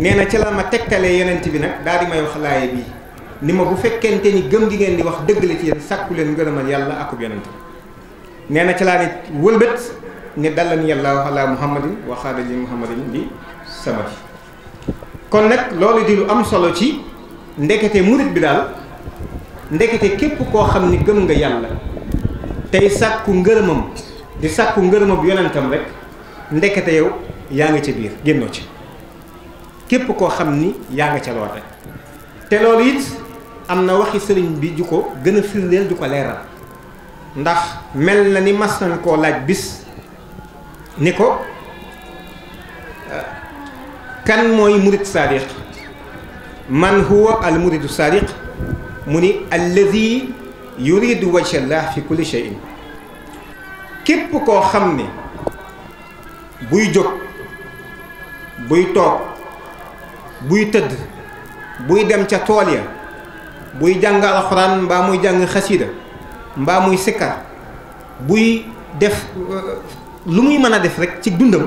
[SPEAKER 7] nee na ci la ma tegtalee yenent bi nag daal di may wax bii ni ma bu fekkente ni gëm gi ngeen di wax dëgg ci yéen sàkku leen ngërëmal yàlla akub yonent bi nee na ci laa nit wëlbët ni dallan yàlla wa ala muhammadin wa xaada li muhammadin bi samati kon nag loolu di lu am solo ci ndekete murit bi daal ndekete képp koo xam ni gëm nga yàlla tey sàkku ngërëmam di sàkku ngërëmam yonentam rek ndekete yow yaa ngi ca biir génnoo ci képp koo xam ni yaa nga ca loote te loolu it am na waxi sëriñ bi ju ko gën a firndeel ju ko leeral ndax mel na ni mas nañ koo laaj bis ni ko euh, kan mooy murid sadiq man huwa al muritu sadiq mu ni allazi yuridu wajha llah fi kulli képp koo xam ni buy jóg buy toog buy tëdd buy dem ca tool ya buy jàng alxuraan mbaa muy jàng xasida mbaa muy sikkar buy def euh, lu muy mën a def rek ci dundam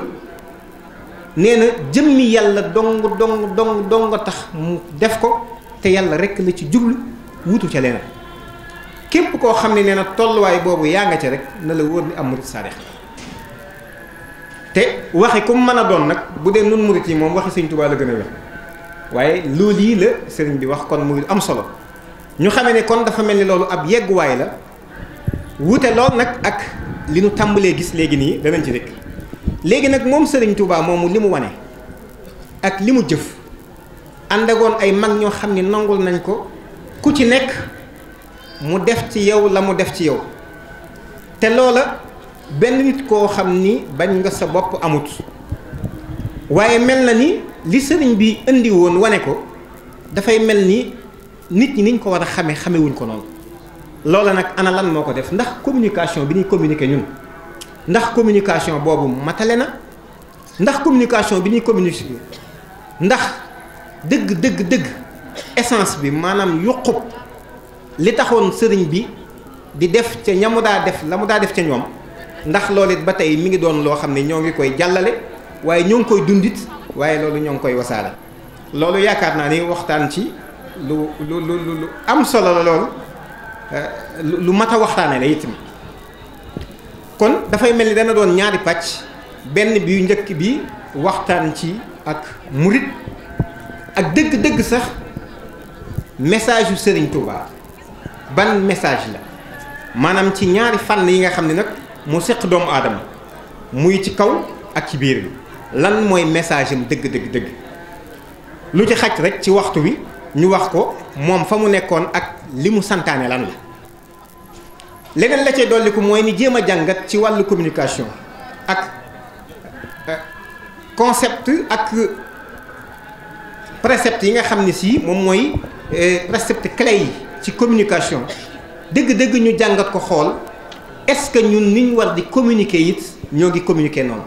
[SPEAKER 7] nee na jëmmi yàlla dong dong dong dong tax mu def ko te yàlla rekk la ci jublu wutu ca leneen képp koo xam ne nee na tolluwaay boobu yaa nga ca rek na la wóor ni am murit saadix te waxi ku mën a doon nag bu dee nun murit yi moom waxi sëñ Tuubaa la gën a wér waaye loolu yi la sëriñ bi wax kon muy am solo ñu xamee ne kon dafa mel ni loolu ab yegguwaay la wuute lool nag ak li nu tàmbalee gis léegi nii danañ ci rek léegi nag moom sëriñ Tuubaa moomu li mu wane ak li mu jëf àndagoon ay mag ñoo xam ne nangu nañ ko ku ci nekk mu def ci yow la mu def ci yow te loola benn nit koo xam ni bañ nga sa bopp amut waaye mel na ni li sëriñ bi indi woon wane ko dafay mel ni nit ñi niñ ko war a xame xamewuñ ko noonu loola nag ana lan moo ko def ndax communication bi ñuy communiquer ñun ndax communication boobu matale na ndax communication bi ñuy communiquer ndax dëgg dëgg dëgg essence bi maanaam yuqub li taxoon sëriñ bi di def ca ña mu daa def la mu daa def ca ñoom ndax loolu it ba tey mi ngi doon loo xam ne ñoo ngi koy jàllale waaye ñoo ngi koy dundit waaye loolu ñoo ngi koy wasaale loolu yaakaar naa ni waxtaan ci lu lu lu lu am solo la lool eh, lu mat a waxtaane la itam kon dafay mel ni dana doon ñaari pàcc benn bi njëkk bi waxtaan ci ak murit ak dëgg-dëgg sax message yu Sëriñ Tuubaa ban message la maanaam ci ñaari fànn yi nga xam ne nag mu seq doomu aadama muy ci kaw ak ci biir bi lan mooy message am dëgg dëgg dëgg lu ci xaj rek ci waxtu wi ñu wax ko moom fa mu nekkoon ak li mu santaane lan la leneen la cay dolliku mooy ni jéem a jàngat ci wàllu communication ak euh, concept ak précepte yi nga xam ne si moom mooy euh, précepte clé yi ci communication dégg dëgg ñu jàngat ko xool est-ce que ñun ni ñu war di communiquer it ñoo ngi communiquer noonu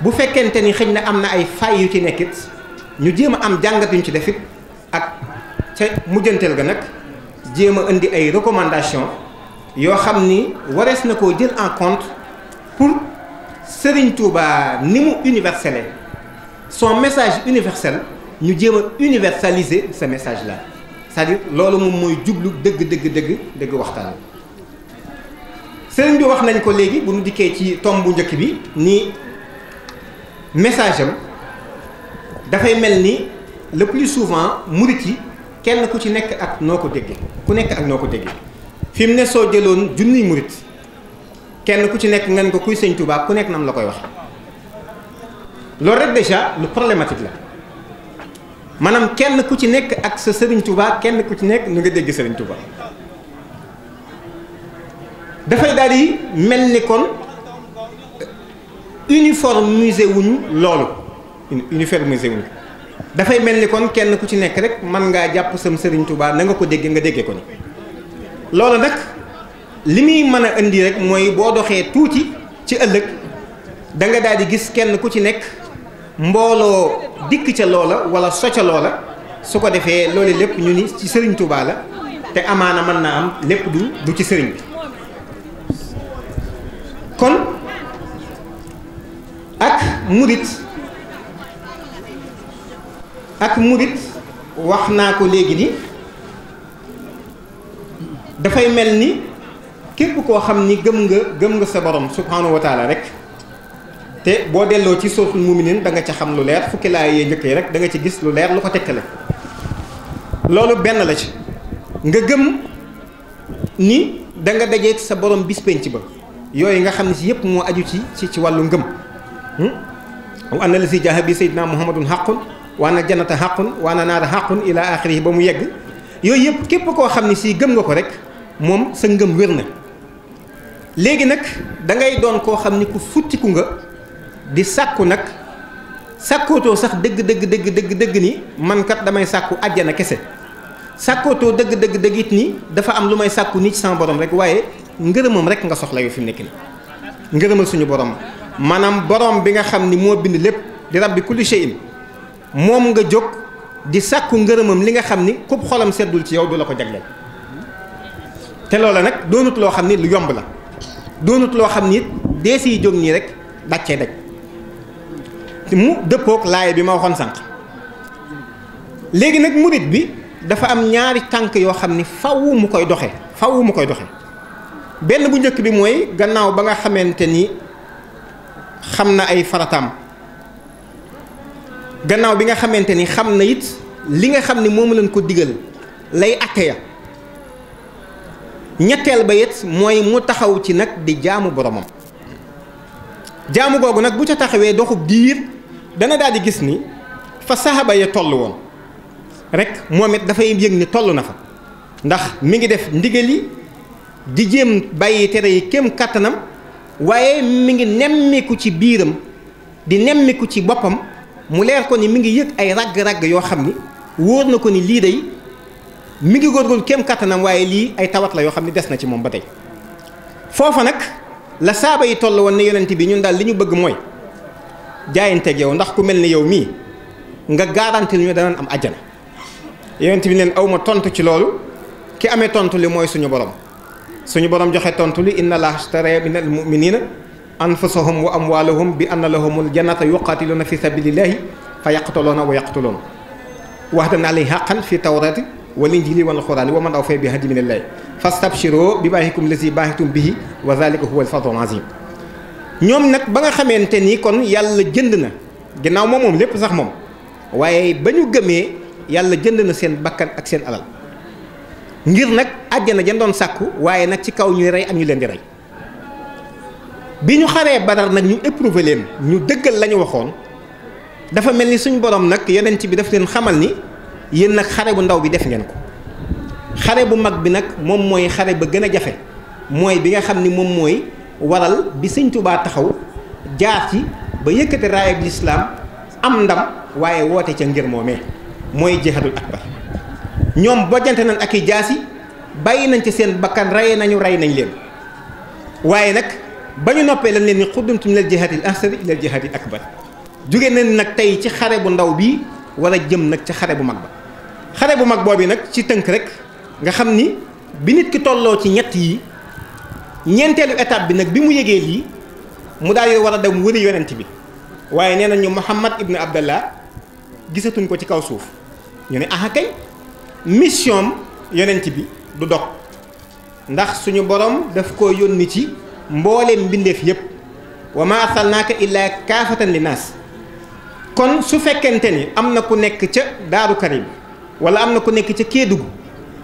[SPEAKER 7] bu fekkente ni xëy na am na ay fay yu ci nekk ñu jéem a am jàngat yuñ ci def it ak ca mujjanteel ga nag jéem a indi ay recommandations yoo xam ni warees na koo jël en compte pour Serigne Touba ni mu universel son message universel ñu jéem a universaliser ce message la cest loolu moom mooy jublu dëgg dëgg dëgg dëgg waxtaan sëriñ bi wax nañ ko léegi bu ñu dikkee ci tomb bu njëkk bi ni message am dafay mel ni le plus souvent murit yi kenn ku ci nekk ak noo ko dégge ku nekk ak noo ko déggee fi mu ne soo jëloon junniy murit kenn ku ci nekk ngeen ko kuy sëñ Tuubaa ku nekk nam la koy wax loolu rek déjà lu problématique la maanaam kenn ku ci nekk ak sa sëriñ Touba kenn ku ci nekk nu nga dégg sëriñ Touba dafay daal di mel ni kon euh, uniformisé wuñu loolu uniformisé wuñu dafay mel ni kon kenn ku ci nekk rek mën ngaa jàpp sam sëriñ Touba na nga ko déggee nga déggee ko ni loolu nag li muy mën a indi rek mooy boo doxee tuuti ci ëllëg da nga daal di gis kenn ku ci nekk mbooloo dikk ca loola wala so ca loola su ko defee loolu lépp ñu ni ci sëriñ Touba la te amaana mën naa am lépp du du ci sëriñ bi kon ak murit ak murit wax naa ko léegi ni dafay mel ni képp koo xam ni gëm nga gëm nga sa borom subhanahu wa taala rek te boo delloo ci sootul muminin da danga ca xam lu leer fukki laay yee njëkk yi rek danga nga ci gis lu leer lu ko tekkale loolu benn la ci nga gëm ni da nga ci sa borom bis ba yooyu nga xam ne si yëpp moo aju ci ci ci wàllu ngëm hmm? wa anna lasi jaaha bi sayyidina muhammadun xaqun wa na jannata xaqun wa anna naara xaqun ila yi ba mu yegg yooyu yëpp képp koo xam ne si gëm nga ko rek moom sa ngëm wér na léegi nag dangay doon koo xam ni ku futtiku di sàkku nag sàkkootoo sax dëgg dëgg dëgg dëgg ni mankat kat damay sàkku àjjana kese sàkkootoo dëgg dëgg dëgg it ni dafa am lu may sàkku nit sama borom rek waaye ngërëmam rek nga soxla yow fi mu nekk nii ngërëmal suñu borom maanaam borom bi nga xam ni moo bind lépp di rabbi kulli shay'in moom nga jóg di sàkku ngërëmam li nga xam ni kub xolam seddul ci yow du la ko jagleel te loola nag doonut loo xam ni lu yomb la doonut loo xam ni it dee siy jóg nii rek dàccee daj mu dëppook laay bi ma waxoon sànq léegi nag murit bi dafa am ñaari tànk yoo xam ni faw mu koy doxe faw mu koy doxe benn bu njëkk bi mooy gannaaw ba nga xamante ni xam na ay farataam gannaaw bi nga xamante ni xam na it li nga xam ni moom lañ ko digal lay atte ya ñetteel ba it mooy mu taxaw ci nag di jaamu boromam jaamu googu nag bu ca taxawee doxub diir dana daal di gis ni fa saxaba ya toll woon rek moom it dafay yëg ni toll na fa ndax mi ngi def ndigal li di jëm bàyyi tere yi kem kàttanam waaye mi ngi nemmiku ci biiram di nemmiku ci boppam mu leer ko ni mi ngi yëg ay ragg ràgg yoo xam ni wóor na ko ni lii day mi ngi góorgóorlu kem kàttanam waaye lii ay tawat la yoo xam ni des na ci moom ba tey foofa nag la saaba yi toll woon ne yonent bi ñun daal li ñu bëgg mooy jaayante yow ndax ku mel ni yow mii nga garanti ñu danañ am àjjana yonent bi neen awma tontu ci loolu ki amee tontu li mooy suñu borom suñu borom joxe tontu li inna allaha ashtara min al muminina anfusahum wa amwalahum bi anna lahumul jannata yuqatiluna fi sabilillahi fa yaqtuluuna wa yaqtuluuna wa'dan alayhi haqqan fi tawrati wal injili wal qur'ani wa man awfa bi ahdi minallahi fastabshiroo bi baahikum lazi baahitum bihi wa zalika huwa al fadlu al azim ñoom nag ba nga xamante ni kon yàlla jënd na ginnaaw moom moom lépp sax moom waaye ba ñu gëmee yàlla jënd na seen bakkan ak seen alal ngir nag àjjana jan doon sàkku waaye nag ci kaw ñuy rey ak ñu leen di rey bi ñu xaree badar nag ñu éprouvé leen ñu dëggal la waxoon dafa mel ni suñ borom nag yonent bi daf leen xamal ni yéen nag xare bu ndaw bi def ngeen ko xare bu mag bi nag moom mooy xare ba gën a jafe mooy bi nga xam ni moom mooy waral bi sëñ Tuubaa taxaw jaar ci ba yëkkate raaya bi lislaam am ndam waaye woote ca ngir moomee mooy jihaadul akbar ñoom bojjante nañ ak i jaasi bàyyi nañ ci seen bakkan rey nañu rey nañ leen waaye nag ba ñu noppee lañ leen ni xuddumtu minal jihaadil asgari ilal jihaadil akbar jóge nañ nag tey ci xare bu ndaw bi wala jëm nag ci xare bu mag ba xare bu mag boobu nag ci tënk rek nga xam ni bi nit ki tolloo ci ñett yi ñeenteelu étape bi nag bi mu yëgee lii mu daal di war a dem wëri yonent bi waaye nee nañu Muhammad ibn Abdallah gisatuñ ko ci kaw suuf ñu ni ah kay mission yonent bi du dog ndax suñu boroom daf ko yónni ci mbooleem mbindeef yépp wa ma arsalnaaka illaa kaafatan li naas kon su fekkente ni am na ku nekk ca Daaru Karim wala am na ku nekk ca Kédougou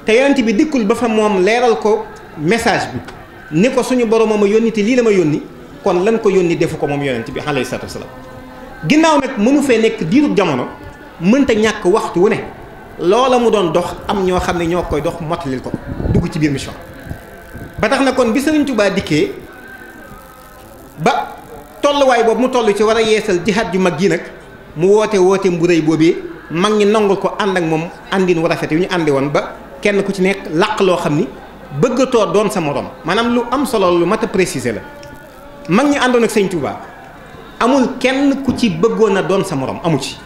[SPEAKER 7] te yonent bi dikkul ba fa moom leeral ko message bi ni ko suñu boroomam a yónni te lii la ma yónni kon lan ko yónni defu ko moom yonent bi alayhi salaatu wasalaam ginnaaw nag mënu fee nekk diirub jamono mënta ñàkk waxtu wu ne loola mu doon dox am ñoo xam ne ñoo koy dox mottalil ko dugg ci biir mission ba tax na kon bi Sëriñ Tuubaa dikkee ba tolluwaay boobu mu toll ci war a yeesal jihaad ju mag ji nag mu woote woote mbu rëy boobee mag ñi nangul ko ànd ak moom àndin wu rafet yu ñu àndi woon ba kenn ku ci nekk làq loo xam ni bëggatoo doon sa moroom maanaam lu am solo lu mat a préciser la mag ñi àndoon ak sëñ Touba amul kenn ku ci bëggoon a doon sa moroom amu ci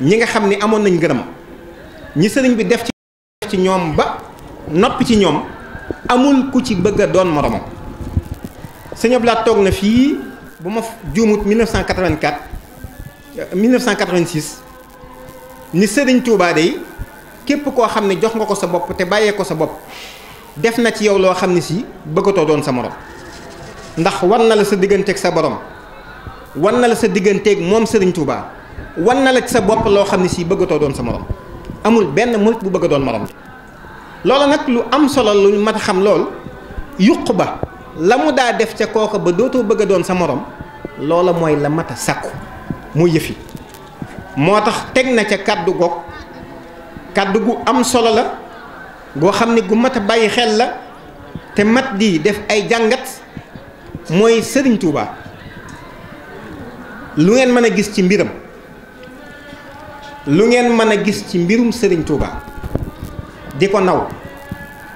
[SPEAKER 7] ñi nga xam ni amoon nañ gërëm ñi sëriñ bi def ci ñoom ba noppi ci ñoom amul ku ci bëgg a doon moromam sëñ Abdou Lahad toog na fii bu ma juumut 1984 1986 euh, ni sëriñ Touba day képp koo xam ne jox nga ko sa bopp te bàyyee ko sa bopp. def na ci yow loo xam ne sii bëggatoo doon sa morom ndax war na la sa digganteeg sa borom war na la sa digganteek moom sëriñ Touba war na la sa bopp loo xam ne sii bëggatoo doon sa morom amul benn murit bu bëgg a doon moroom loolu nag lu am solo lu mat a xam lool yuq ba la mu daa def ca kooka ba dootoo bëgg a doon sa moroom loola mooy la mat a sàkku mu yëfi moo tax teg na ca kàddu goog kàddu gu am solo la. goo xam ne gu mat a bàyyi xel la te mat di def ay jàngat mooy sëriñ Touba lu ngeen mën a gis ci mbiram lu ngeen mën a gis ci mbirum sëriñ Touba di ko naw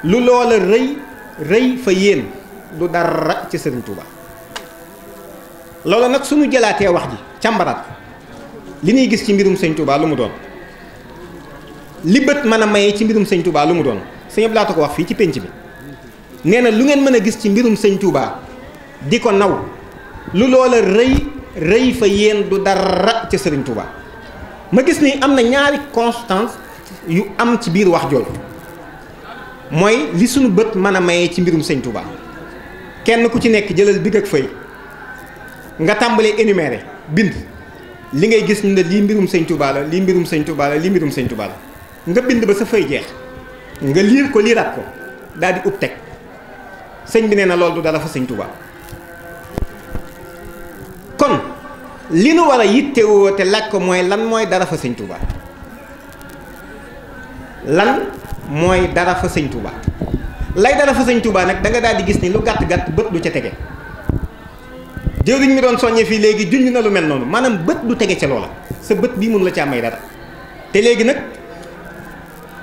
[SPEAKER 7] lu loola rëy rëy fa yéen du dara ci sëriñ Touba loola nag suñu jëlaatee wax ji càmbaraat li ñuy gis ci mbirum sëriñ Touba lu mu doon li bët mën a maye ci mbirum sëñ Touba lu mu doon sëñ Abdou ko wax fii ci pénc bi nee na lu ngeen mën a gis ci mbirum sëñ Touba di ko naw lu loola rëy rëy fa yéen du dara ca sëriñ Touba ma gis ni am na ñaari constance yu am ci biir wax jooju mooy li suñu bët mën a maye ci mbirum sëñ Touba kenn ku ci nekk jëlal bigg ak fëy nga tàmbalee énumérer bind li ngay gis ñu ne lii mbirum sëñ Touba la lii mbirum sëñ Touba la lii mbirum sëñ Touba la nga bind ba sa fay jeex nga liir ko liiraat ko daal di ub teg sëñ bi nee na loolu du dara fa sëñ Tuubaa kon li nu war a yittewoo te laaj ko mooy lan mooy dara fa sëñ Tuubaa lan mooy dara fa sëñ Tuubaa lay dara fa sëñ Tuubaa nag danga nga daal di gis ni lu gàtt gàtt bët du ca tege jëwriñ mi doon soññee fii léegi junj na lu mel noonu maanaam bët du tege ca loola sa bët bi mun la caa may dara te léegi nag.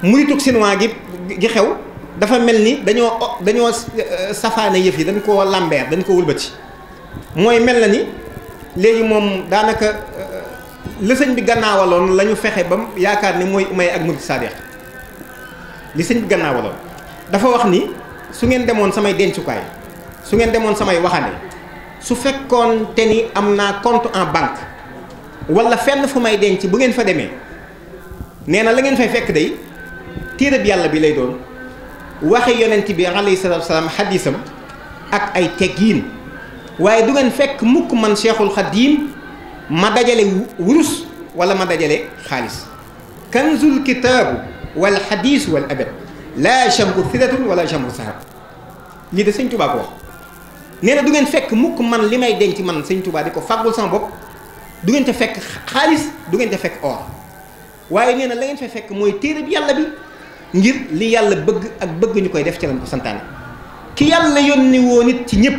[SPEAKER 7] muy tug sinwaa gi gi xew dafa mel ni dañoo dañoo euh, safaane yëf yi dañ ko làmbeer dañ ko wëlbati mooy mel na ni léegi moom daanaka euh, li sëñ bi gannaawaloon la ñu fexe bam yaakaar ni mooy umay ak murid sadiq li sëñ bi gannaawaloon dafa wax ni su ngeen demoon samay dencukaay su ngeen demoon samay waxande su fekkoon te ni am naa compte en banque wala fenn fu may denc bu ngeen fa demee nee na la ngeen fay fekk dey téereb yàlla bi lay doon waxe yonent bi alayhi salaatu wasalaam xadisam ak ay teggiin waaye du ngeen fekk mukk man cheikhul xadim ma dajale wurus wala ma dajale xaalis kanzul kitaabu wal xadis wal adab laa jamru siratun wala jamru sahab lii de sëñ tubaa ko wax nee na du ngeen fekk mukk man li may denc man sëñ tubaa di ko fàggul sama bopp du ngeen ca fekk xaalis du ngeen ca fekk or waaye nee na la ngeen fekk mooy téereb yàlla bi ngir li yàlla bëgg ak bëgg ñu koy def ci lañ ko santaane ki yàlla yónni woon it ci ñëpp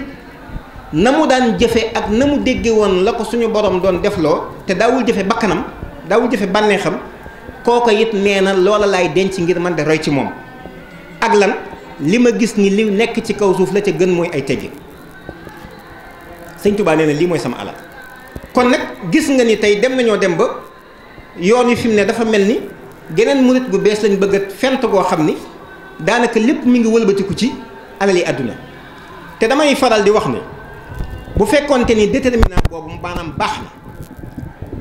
[SPEAKER 7] na mu daan jëfe ak na mu dégge woon la ko suñu boroom doon defloo te daawul jëfe bakkanam daawul jëfe bànneexam kooko it nee na loola laay denc ngir man de roy ci moom ak lan li ma gis ni li nekk ci kaw suuf la ca gën mooy ay teggi sëñ Tuubaa nee na lii mooy sama alal kon nag gis nga ni tey dem nañoo dem ba yoon wi fi mu ne dafa mel ni geneen murit bu bees lañ bëgga a fent goo xam ni daanaka lépp mu ngi wëlbatiku ci alali àdduna te damay faral di wax ne bu fekkonte ni déterminant boobu maanaam baax na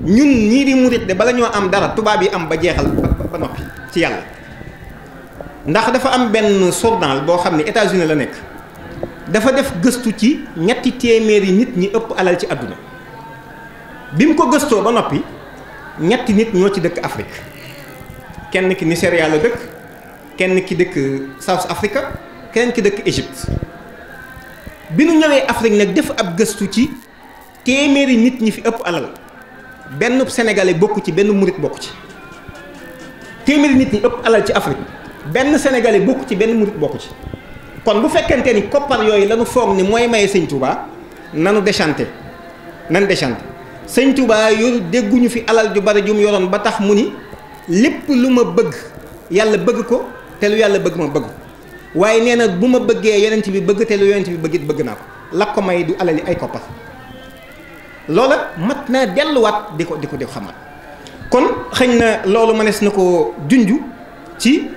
[SPEAKER 7] ñun ñii di murit de bala ñoo am dara tubaab yi am ba jeexal ba noppi ci yàlla ndax dafa am benn journal boo xam ne États-Unis la nekk dafa def gëstu ci ñetti téeméeri nit ñi ëpp alal ci àdduna bi mu ko gëstoo ba noppi ñetti nit ñoo ci dëkk Afrique kenn ki Nigéria la dëkk kenn ki dëkk South Africa kenn ki dëkk Égypte bi nu ñëwee Afrique nag def ab gëstu ci téeméeri nit ñi fi ëpp alal benn sénégalais bokk ci benn murit bokk ci téeméeri nit ëpp alal ci Afrique benn sénégalais bokku ci benn murit bokku ci kon bu fekkente ni koppar yooyu lañu foog ni mooy maye sëñ nanu déchanté nan déchanté sëñ Touba dégguñu fi alal ju bari jum yoroon ba tax mu ni lépp lu ma bëgg yàlla bëgg ko te lu yàlla bëgg ma bëgg waaye nee na bu ma bëggee yonent bi bëgg te lu yonent bi bëgg it bëgg naa ko la ko may du alali ay koppar loola mat naa delluwaat di ko di ko def xamal kon xëñ na loolu mënees na ko junj ci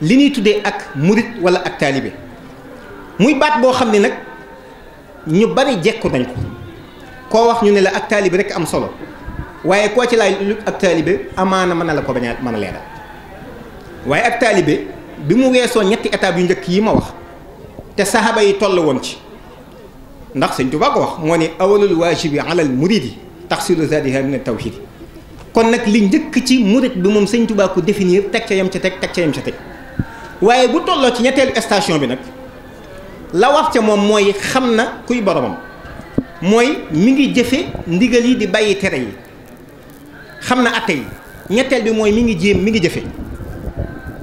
[SPEAKER 7] li ñuy tuddee ak murit wala ak taalibe muy baat boo xam ne nag ñu bari jekku nañ ko koo wax ñu ne la ak taalibe rek am solo waaye koo ci laaj lu ak taalibe amaana mën na la ko bañ a mën a leeral waaye ak taalibe bi mu weesoo ñetti étape yu njëkk yi ma wax te saxaaba yi toll woon ci ndax sëñ Tuubaa ko wax moo ne awalul waajibi alal muridi taxsilu zaadiha min tawhid kon nag li njëkk ci murid bi moom sëñ Tuubaa ko définir teg ca yam ca teg teg ca yam ca teg waaye bu tolloo ci ñetteelu station bi nag la wax ca moom mooy xam na kuy boromam mooy mi ngi jëfe ndigal yi di bàyyi tere yi xam na atte yi ñetteel bi mooy mi ngi jéem mi ngi jëfe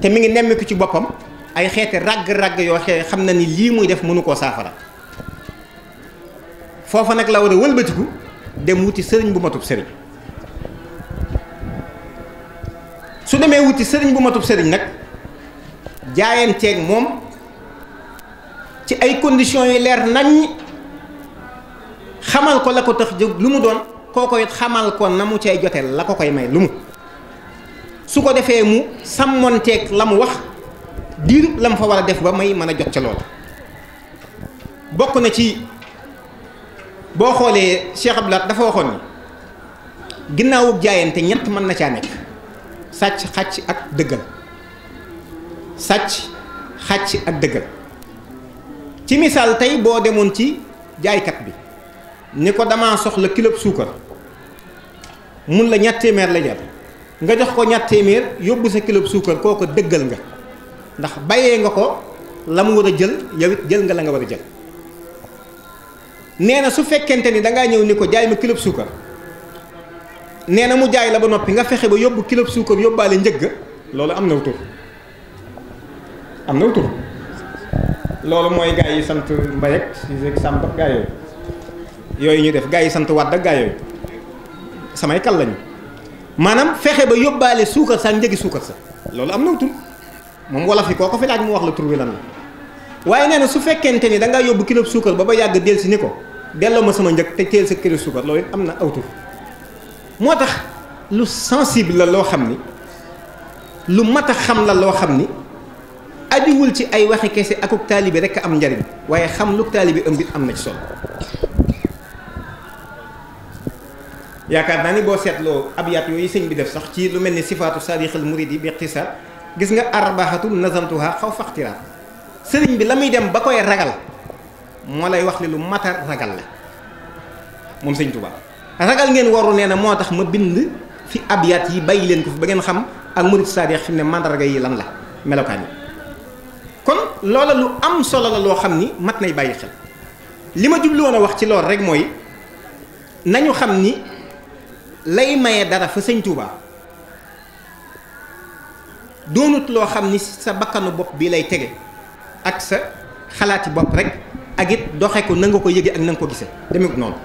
[SPEAKER 7] te mi ngi nemmiku ci boppam ay xeeti ragg ràgg yoo xee xam na ni lii muy def mënu koo saafara foofa nag la war wëlbatiku dem wuti sëriñ bu matub sëriñ su demee wuti sëriñ bu matub sëriñ nag jaayanteeg moom ci ay conditions yi leer nañ xamal ko la ko tax jóg lu mu doon kooko it xamal ko na mu cay jotee la ko koy may lu mu su ko defee mu sàmmonteeg la mu wax diirub la mu fa war a def ba may mën a jot ca loolu bokk na ci boo xoolee Cheikh Abdou dafa waxoon ni ginnaawu jaayante ñett mën na caa nekk sàcc xàcc ak dëggal sàcc xàcc ak dëggal ci misaal tey boo demoon ci jaaykat bi ni ko damaa soxla kilo suukar mun la ñett téeméer la jar nga jox ko ñett téeméer yóbbu sa kilo suukar kooko dëggal nga ndax bàyyee nga ko la mu war a jël yow it jël nga la nga war a jël nee na su fekkente ni dangaa ñëw ni ko jaay ma kilo suukar nee na mu jaay la ba noppi nga fexe ba yóbbu kilo suukar yóbbaale njëgg loolu am na wutur am na wutur loolu mooy gaa yi sant Mbaye ak Cissé yooyu ñu def gaa yi sant waat ak gaa yooyu samay kal lañu maanaam fexe ba yóbbaale suukar sa njëgi suukar sa loolu am na tur moom wala yi koo ko fi laaj mu wax la tur wi la waaye nee na su fekkente ni da ngaa yóbbu kilo suukar ba ba yàgg del si ni ko delloo ma sama njëg te teel sa kilo suukar loolu it am na aw moo tax lu sensible la loo xam ni lu mat a xam la loo xam ni ajiwul ci ay waxi kese akuk taalibi rek am njariñ waaye xam lu taalibi ëmb it am na ci yaakaar naa ni boo seetloo abyaat yooyu sëñ bi def sax ci lu mel ni sifaatu saadixal murid yi bi ixtisaar gis nga arbahatul nazamtuha xaw faxtiraat sëriñ bi la muy dem ba koy ragal moo lay wax li lu mat ragal la moom sëñ Tuubaa ragal ngeen waru nee na moo tax ma bind fi abyaat yi bàyyi leen ko fi ba ngeen xam ak murid saadix fi ne màndarga yi lan la melokaan yi kon loola lu am solo la loo xam ni mat nay bàyyi xel li ma jublu woon a wax ci lool rek mooy nañu xam ni lay maye dara fa sëñ Touba doonut loo xam ni sa bakkanu bopp bi lay tege ak sa xalaati bopp rek ak it doxe ko na ko yëge ak na nga ko gise demewut noonu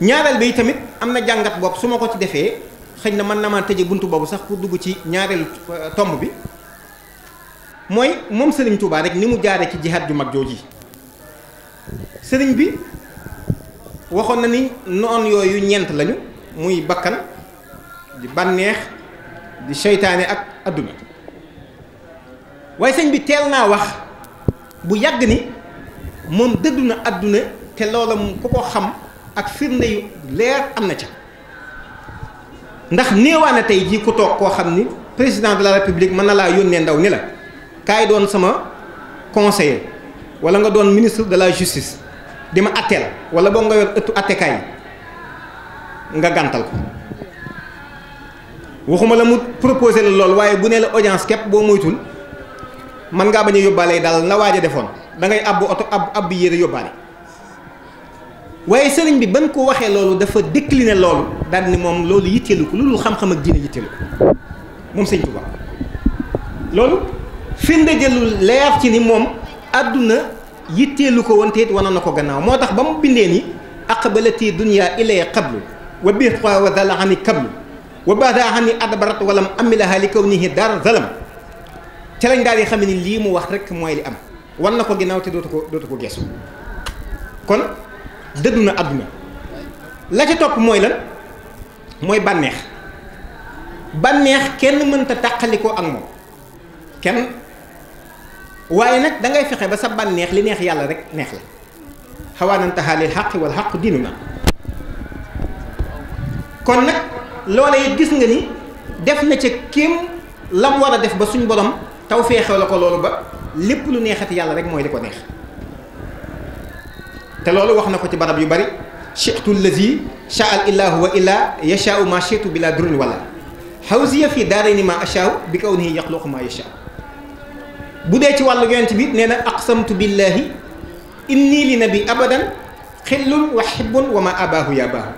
[SPEAKER 7] ñaareel bi tamit am na jàngat bopp su ma ko ci defee xëñ na mën na maa tëje bunt boobu sax pour dugg ci ñaareelu euh, tomb bi mooy moom sëriñ Touba rek ni mu jaare ci jihaat ju mag jooji sëriñ bi waxoon na ni noon yooyu ñeent lañu muy bakkan di bànneex di seytaane ak adduna waaye sëñ bi teel naa wax bu yàgg ni moom dëddu na àdduna te loola ku ko xam ak firnde yu leer am na ca ndax néewaane tey jii ku toog koo xam ni président de la république mën na laa yónnee ndaw ni la kaay doon sama conseiller wala nga doon ministre de la justice di ma atteel wala boo nga yor ëttu attekaay nga gàntal ko waxuma la mu proposé la lool waaye bu nee la audience képp boo moytul mën ngaa ba a yóbbaale daal na waaj a defoon da ngay abbu oto ab abbu yére yóbbaale waaye sëriñ bi ban ko waxee loolu dafa décliné loolu daal ni moom loolu yitteelu ko loolu xam-xam ak diine yitteelu ko moom sëñ Tuubaa loolu firnde leer ci ni moom àdduna yitteelu ko woon te it wane na ko gannaaw moo tax ba mu bindee ni ba la aqbalati dunya ilay qablu wa biqa wa dala ani qablu wa bada ani adbarat walam amilaha li kawnihi dar zalam ca lañ daal yi xam ni lii mu wax rek mooy li am wan na ko ginnaaw te dootu ko dootu ko geesu kon dëddu na àdduna la ca topp mooy lan mooy bànneex bànneex kenn mënta tàqali ko ak moom kenn waaye nag dangay fexe ba sa bànneex li neex yàlla rek neex la xawaanantahaa lil xaqi wal xaqu diinuna kon nag loola it gis nga ni def na ca kéem lam war a def ba suñ borom taw feexew la ko loolu ba lépp lu neexati yàlla rek mooy li ko neex te loolu wax na ko ci barab yu bari shi'tu allazi sha'a illahu wa illa yasha'u ma shi'tu bila durrin wala xawsiya fi ni ma ashaa'u bi kow kawnihi yaxluqu ma yashaa'u bu dee ci wàllu yonent bi nee na aqsamtu billahi inni li nabi abadan xillun wa xibbun wa ma abaahu yabaahu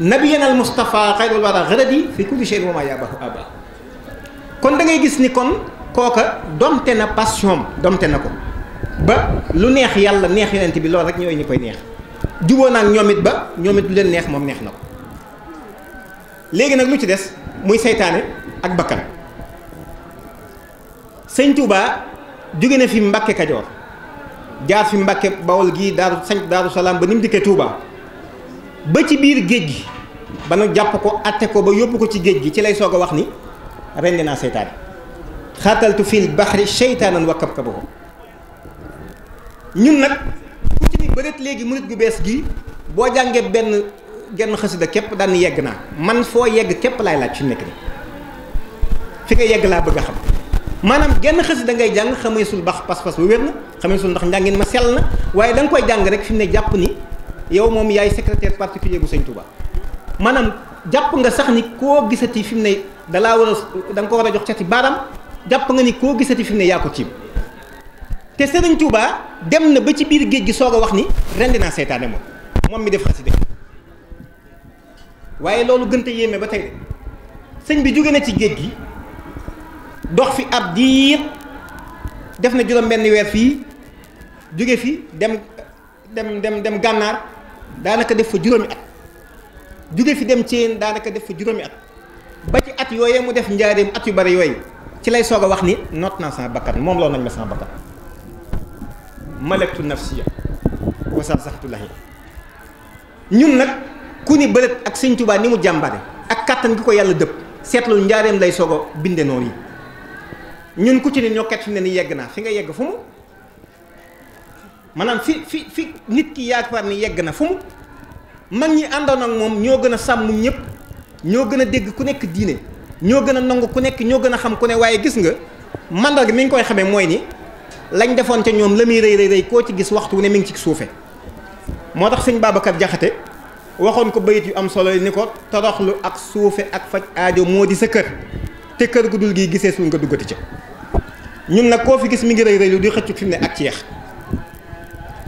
[SPEAKER 7] nabiyan al mustafa xayrul wara xëradi fi kulli chein wa ma yabaahu abaahu kon da gis ni kon kooka domte na passion domte na ko ba lu neex yàlla neex yonent bi loolu rek ñooy ñi koy neex juboo naa ñoom it ba ñoomit it lu leen neex moom neex na ko léegi nag lu ci des muy seytaane ak bakkan jóge na fi Mbàkke Kajoor jaar fi Mbàkke Bawol gii daaru sañ daaru salaam ba ni mu dikkee Touba ba ci biir géej gi ba nu jàpp ko atte ko ba yóbbu ko ci géej gi ci lay soog a wax ni rendi naa seytaan xataltu fil baxri seytaanan wa kabkabahu ñun nag ku ci ni bëreet léegi murit gu bees gi boo jàngee benn genn xasida képp daan yegg naa man foo yegg képp laay laaj ci nekk ni fi nga yegg laa bëgg a xam maanaam genn xasida ngay jàng xameesul bax pas-pas ba wér na xameesul ndax njàngin ma sell na waaye danga koy jàng rek fi mu ne jàpp ni yow moom yaay secrétaire particulier bu sëñ Touba maanaam jàpp nga sax ni koo gisati fi mu ne dalaa war a da nga ko war a jox cati baaraam jàpp nga ni koo gisati fi mu ne yaa ko tiim te sëriñ Touba dem na ba ci biir géej gi soog a wax ni rendi naa seytaane moom moom mi def xasida waaye loolu gën te yéeme ba tey sëñ bi jóge na ci géej gi dox fi at diir def na juróom benn weer fii jóge fi dem dem dem dem gànnaar daanaka def fa juróomi at jóge fi dem Ceen daanaka def fa juróomi at ba ci at yooyee mu def njaareem at yu bari yooyu ci lay soog a wax ni noot naa sama bakkan moom loolu nañ ma sama bakkan malaktu nafsiya wasal saxatulahi ñun nag ku ni bëreet ak sëñ Tuubaa ni mu jàmbare ak kàttan gi ko yàlla dëpp seetlu njaareem lay soog a binde noonu yi ñun ku ci ne ñokket fi ne ni yegg naa fi nga yegg fu mu maanaam fi fi fi nit ki yaakaar ni yegg na fu mu mag ñi àndoon ak moom ñoo gën a sàmm ñëpp ñoo gën a dégg ku nekk diine ñoo gën a nangu ku nekk ñoo gën a xam ku ne waaye gis nga mandal gi mi ngi koy xamee mooy ni lañ defoon ca ñoom la muy rëy rëy rëy koo ci gis waxtu wu ne mi ngi ci suufe moo tax sëñ Babacar Jaxate waxoon ko bayit yu am solo ni ko toroxlu ak suufe ak faj aajo moo di sa kër te kër gu dul gii gisee suñ nga duggati ca ñun nag koo fi gis mi ngi rëy rëylu di xëccut fi mu ne ak ceex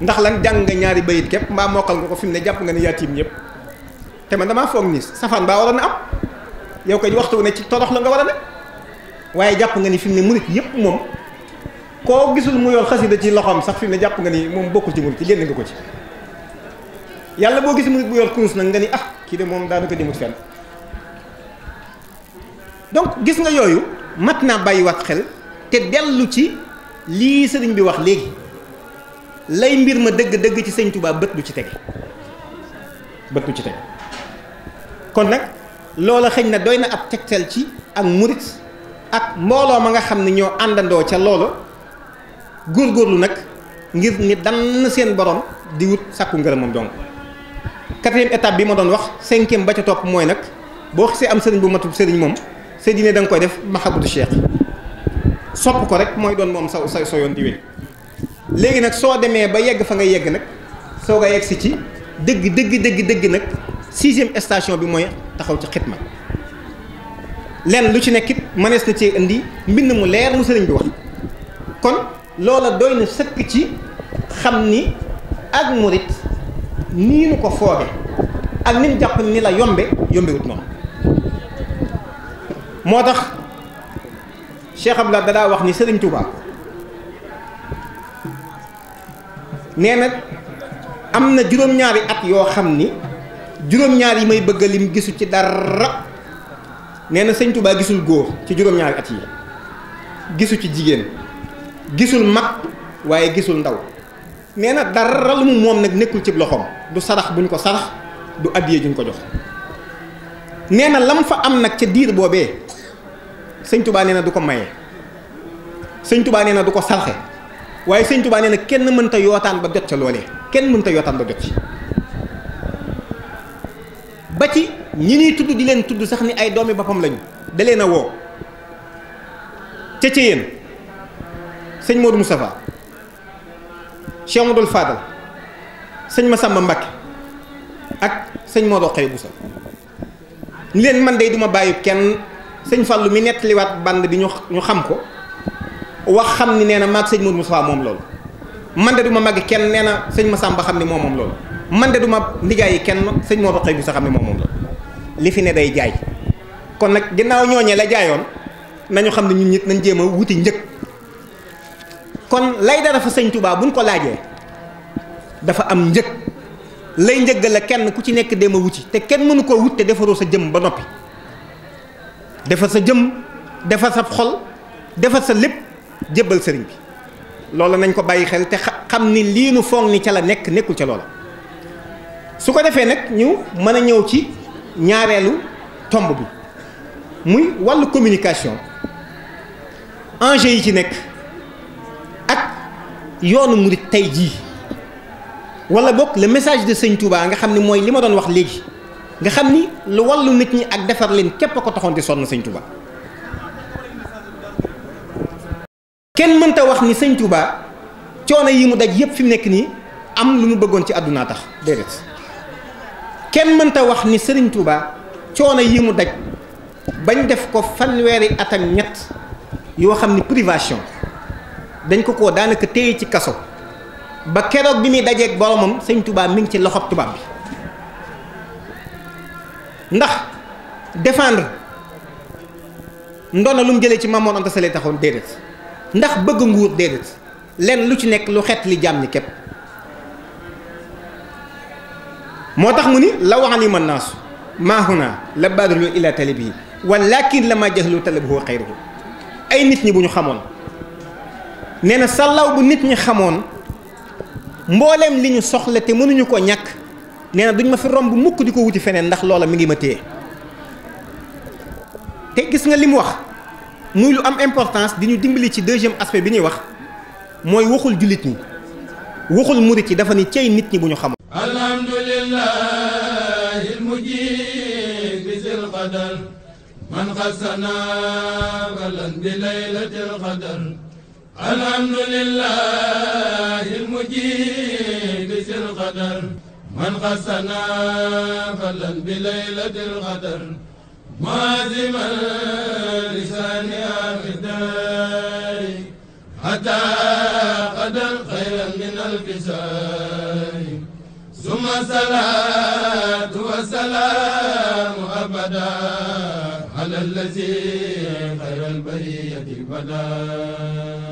[SPEAKER 7] ndax lan jàng nga ñaari bayit képp mbaa mokkal nga ko fi mu ne jàpp nga ne yaatiim ñëpp te man damaa foog ni safaan baa waroon am yow koy waxtu ne ci torox la nga war a ne waaye jàpp nga ni fi mu ne murit yëpp moom koo gisul mu yor xasida ci loxoom sax fi ne jàpp nga ni moom bokkul ci murit ci génn nga ko ci yàlla boo gis murit bu yor kurus nag nga ni ah kii de moom daanaka demut fenn donc gis nga yooyu mat naa bàyyiwaat xel te dellu ci lii sëriñ bi wax léegi lay mbir ma dëgg-dëgg ci sëñ Tuubaa bët lu ci tege bët ci tege kon nag loola xëñ na doy na ab tegtal ci ak murit ak mbooloo ma nga xam ne ñoo àndandoo ca loolu góorgóorlu nag ngir ni dann seen borom di wut sàkku ngërëmam donc quatrième étape bi ma doon wax cinquième ba ca topp mooy nag boo xisee am sëriñ bu matul sëriñ moom sa diine danga koy def mahabatu cheikh sopp ko rek mooy doon moom saw sa sa yoon di léegi nag soo demee ba yegg fa nga yegg nag soo ko yegg si ci dëgg dëgg dëgg dëgg nag sixième station bi mooy taxaw ci xitma lenn lu ci nekkit mënees na cee indi mbind mu leer mu sëriñ bi wax kon loola doy na sëkk ci xam ni ak murit nii nu ko fooge ak ni mu jàpp ni la yombe yombewut noonu moo tax Cheikh Abdoulaye da wax ni Serigne Touba nee na am na juróom-ñaari at yoo xam ni juróom-ñaar yi may bëgg lim gisu ci dara nee na Sëñ gisul góor ci juróom-ñaari at yi gisu ci jigéen gisul mag waaye gisul ndaw nee na dara lu mu moom nag nekkul ci loxoom du sarax buñ ko sarax du addiye juñ ko jox nee na lam fa am nag ca diir boobee sëñ tubaa nee na du ko maye sëñ tubaa nee na du ko salxe waaye sëñ tubaa nee na kenn mënta yootaan ba jot ca loolee kenn mënta yootaan ba jot ci ba ci ñi ñuy tudd di leen tudd sax ni ay doomi boppam lañu da leen a woo ca ca yéen sëñ Modou Moustapha Cheikh Modou Fadal sëñ Massamba Mbacké ak sëñ Modou Xëy Bousso ni leen man day duma bàyyi kenn sëñ Fallou mi nettaliwaat band bi ñu ñu xam ko wax xam ni nee na maag sëñ Mourou Moussa moom loolu man de du ma mag kenn nee na sëñ Massamba xam ne moom moom loolu man de du ma yi kenn sëñ moo xëy bi sa xam ne moom moom loolu li fi ne day jaay kon nag ginnaaw ñooñee la jaayoon nañu xam ne ñun nit nañ jéem a wuti njëg kon lay dara fa sëñ Touba buñ ko laajee dafa am njëg lay njëggal la kenn ku ci nekk dem a wuti te kenn mënu koo wut te defaroo sa jëm ba noppi defar sa jëm defar sa xol defar sa lépp jébbal sëriñ bi loolu nañ ko bàyyi xel te xam ni lii nu foog ni ca la nekk nekkul ca loola su ko defee nag ñu mën a ñëw ci ñaareelu tomb bi muy wàllu communication enjeu yi ci nekk ak yoonu murit tey jii wala bokk le message de sëñ Touba nga xam ne mooy li ma doon wax léegi nga xam ni lu wàllu nit ñi ak defar leen képp a ko taxoon di sonn sëñ Touba kenn mënta wax ni sëñ Touba coono yi mu daj yépp fi mu nekk nii am lu mu bëggoon ci àdduna tax déedéet kenn mënta wax ni sëriñ Touba coono yi mu daj bañ def ko fanweeri at ak ñett yoo xam ni privation dañ ko ko daanaka téye ci kaso ba keroog bi muy dajeeg boromam sëñ Touba mi ngi ci loxob tubaab bi. ndax défendre ndono lu mu jëlee ci Mamoor Anta Sali taxoon déedéet ndax bëgg nguur déedéet lenn lu ci nekk lu xet li jàmm ni képp moo tax mu ni la waxan yi mën naasu naa la baadulu ila talibi walakin la ma jahlu talabuhu xayruhu ay nit ñi bu ñu xamoon nee na sàllaw bu nit ñi xamoon mbooleem li ñu soxla te mënuñu ko ñàkk nee na ma fi romb mukk di ko wuti feneen ndax loola mu ngi ma téye te gis nga li mu wax muy lu am importance di ñu dimbali ci deuxième aspect bi ñuy wax mooy waxul jullit ñi waxul murit yi dafa ni cey nit ñi bu ñu xam
[SPEAKER 1] alhamdulillahi almujib bil qadar man xasana balan bi laylatil qadar alhamdulillahi almujib غسنا فلا بليلة القدر معزما لساني آخداري حتى قدر خيرا من الفسار ثم صلاة وسلام أبدا على الذي خير البرية بدا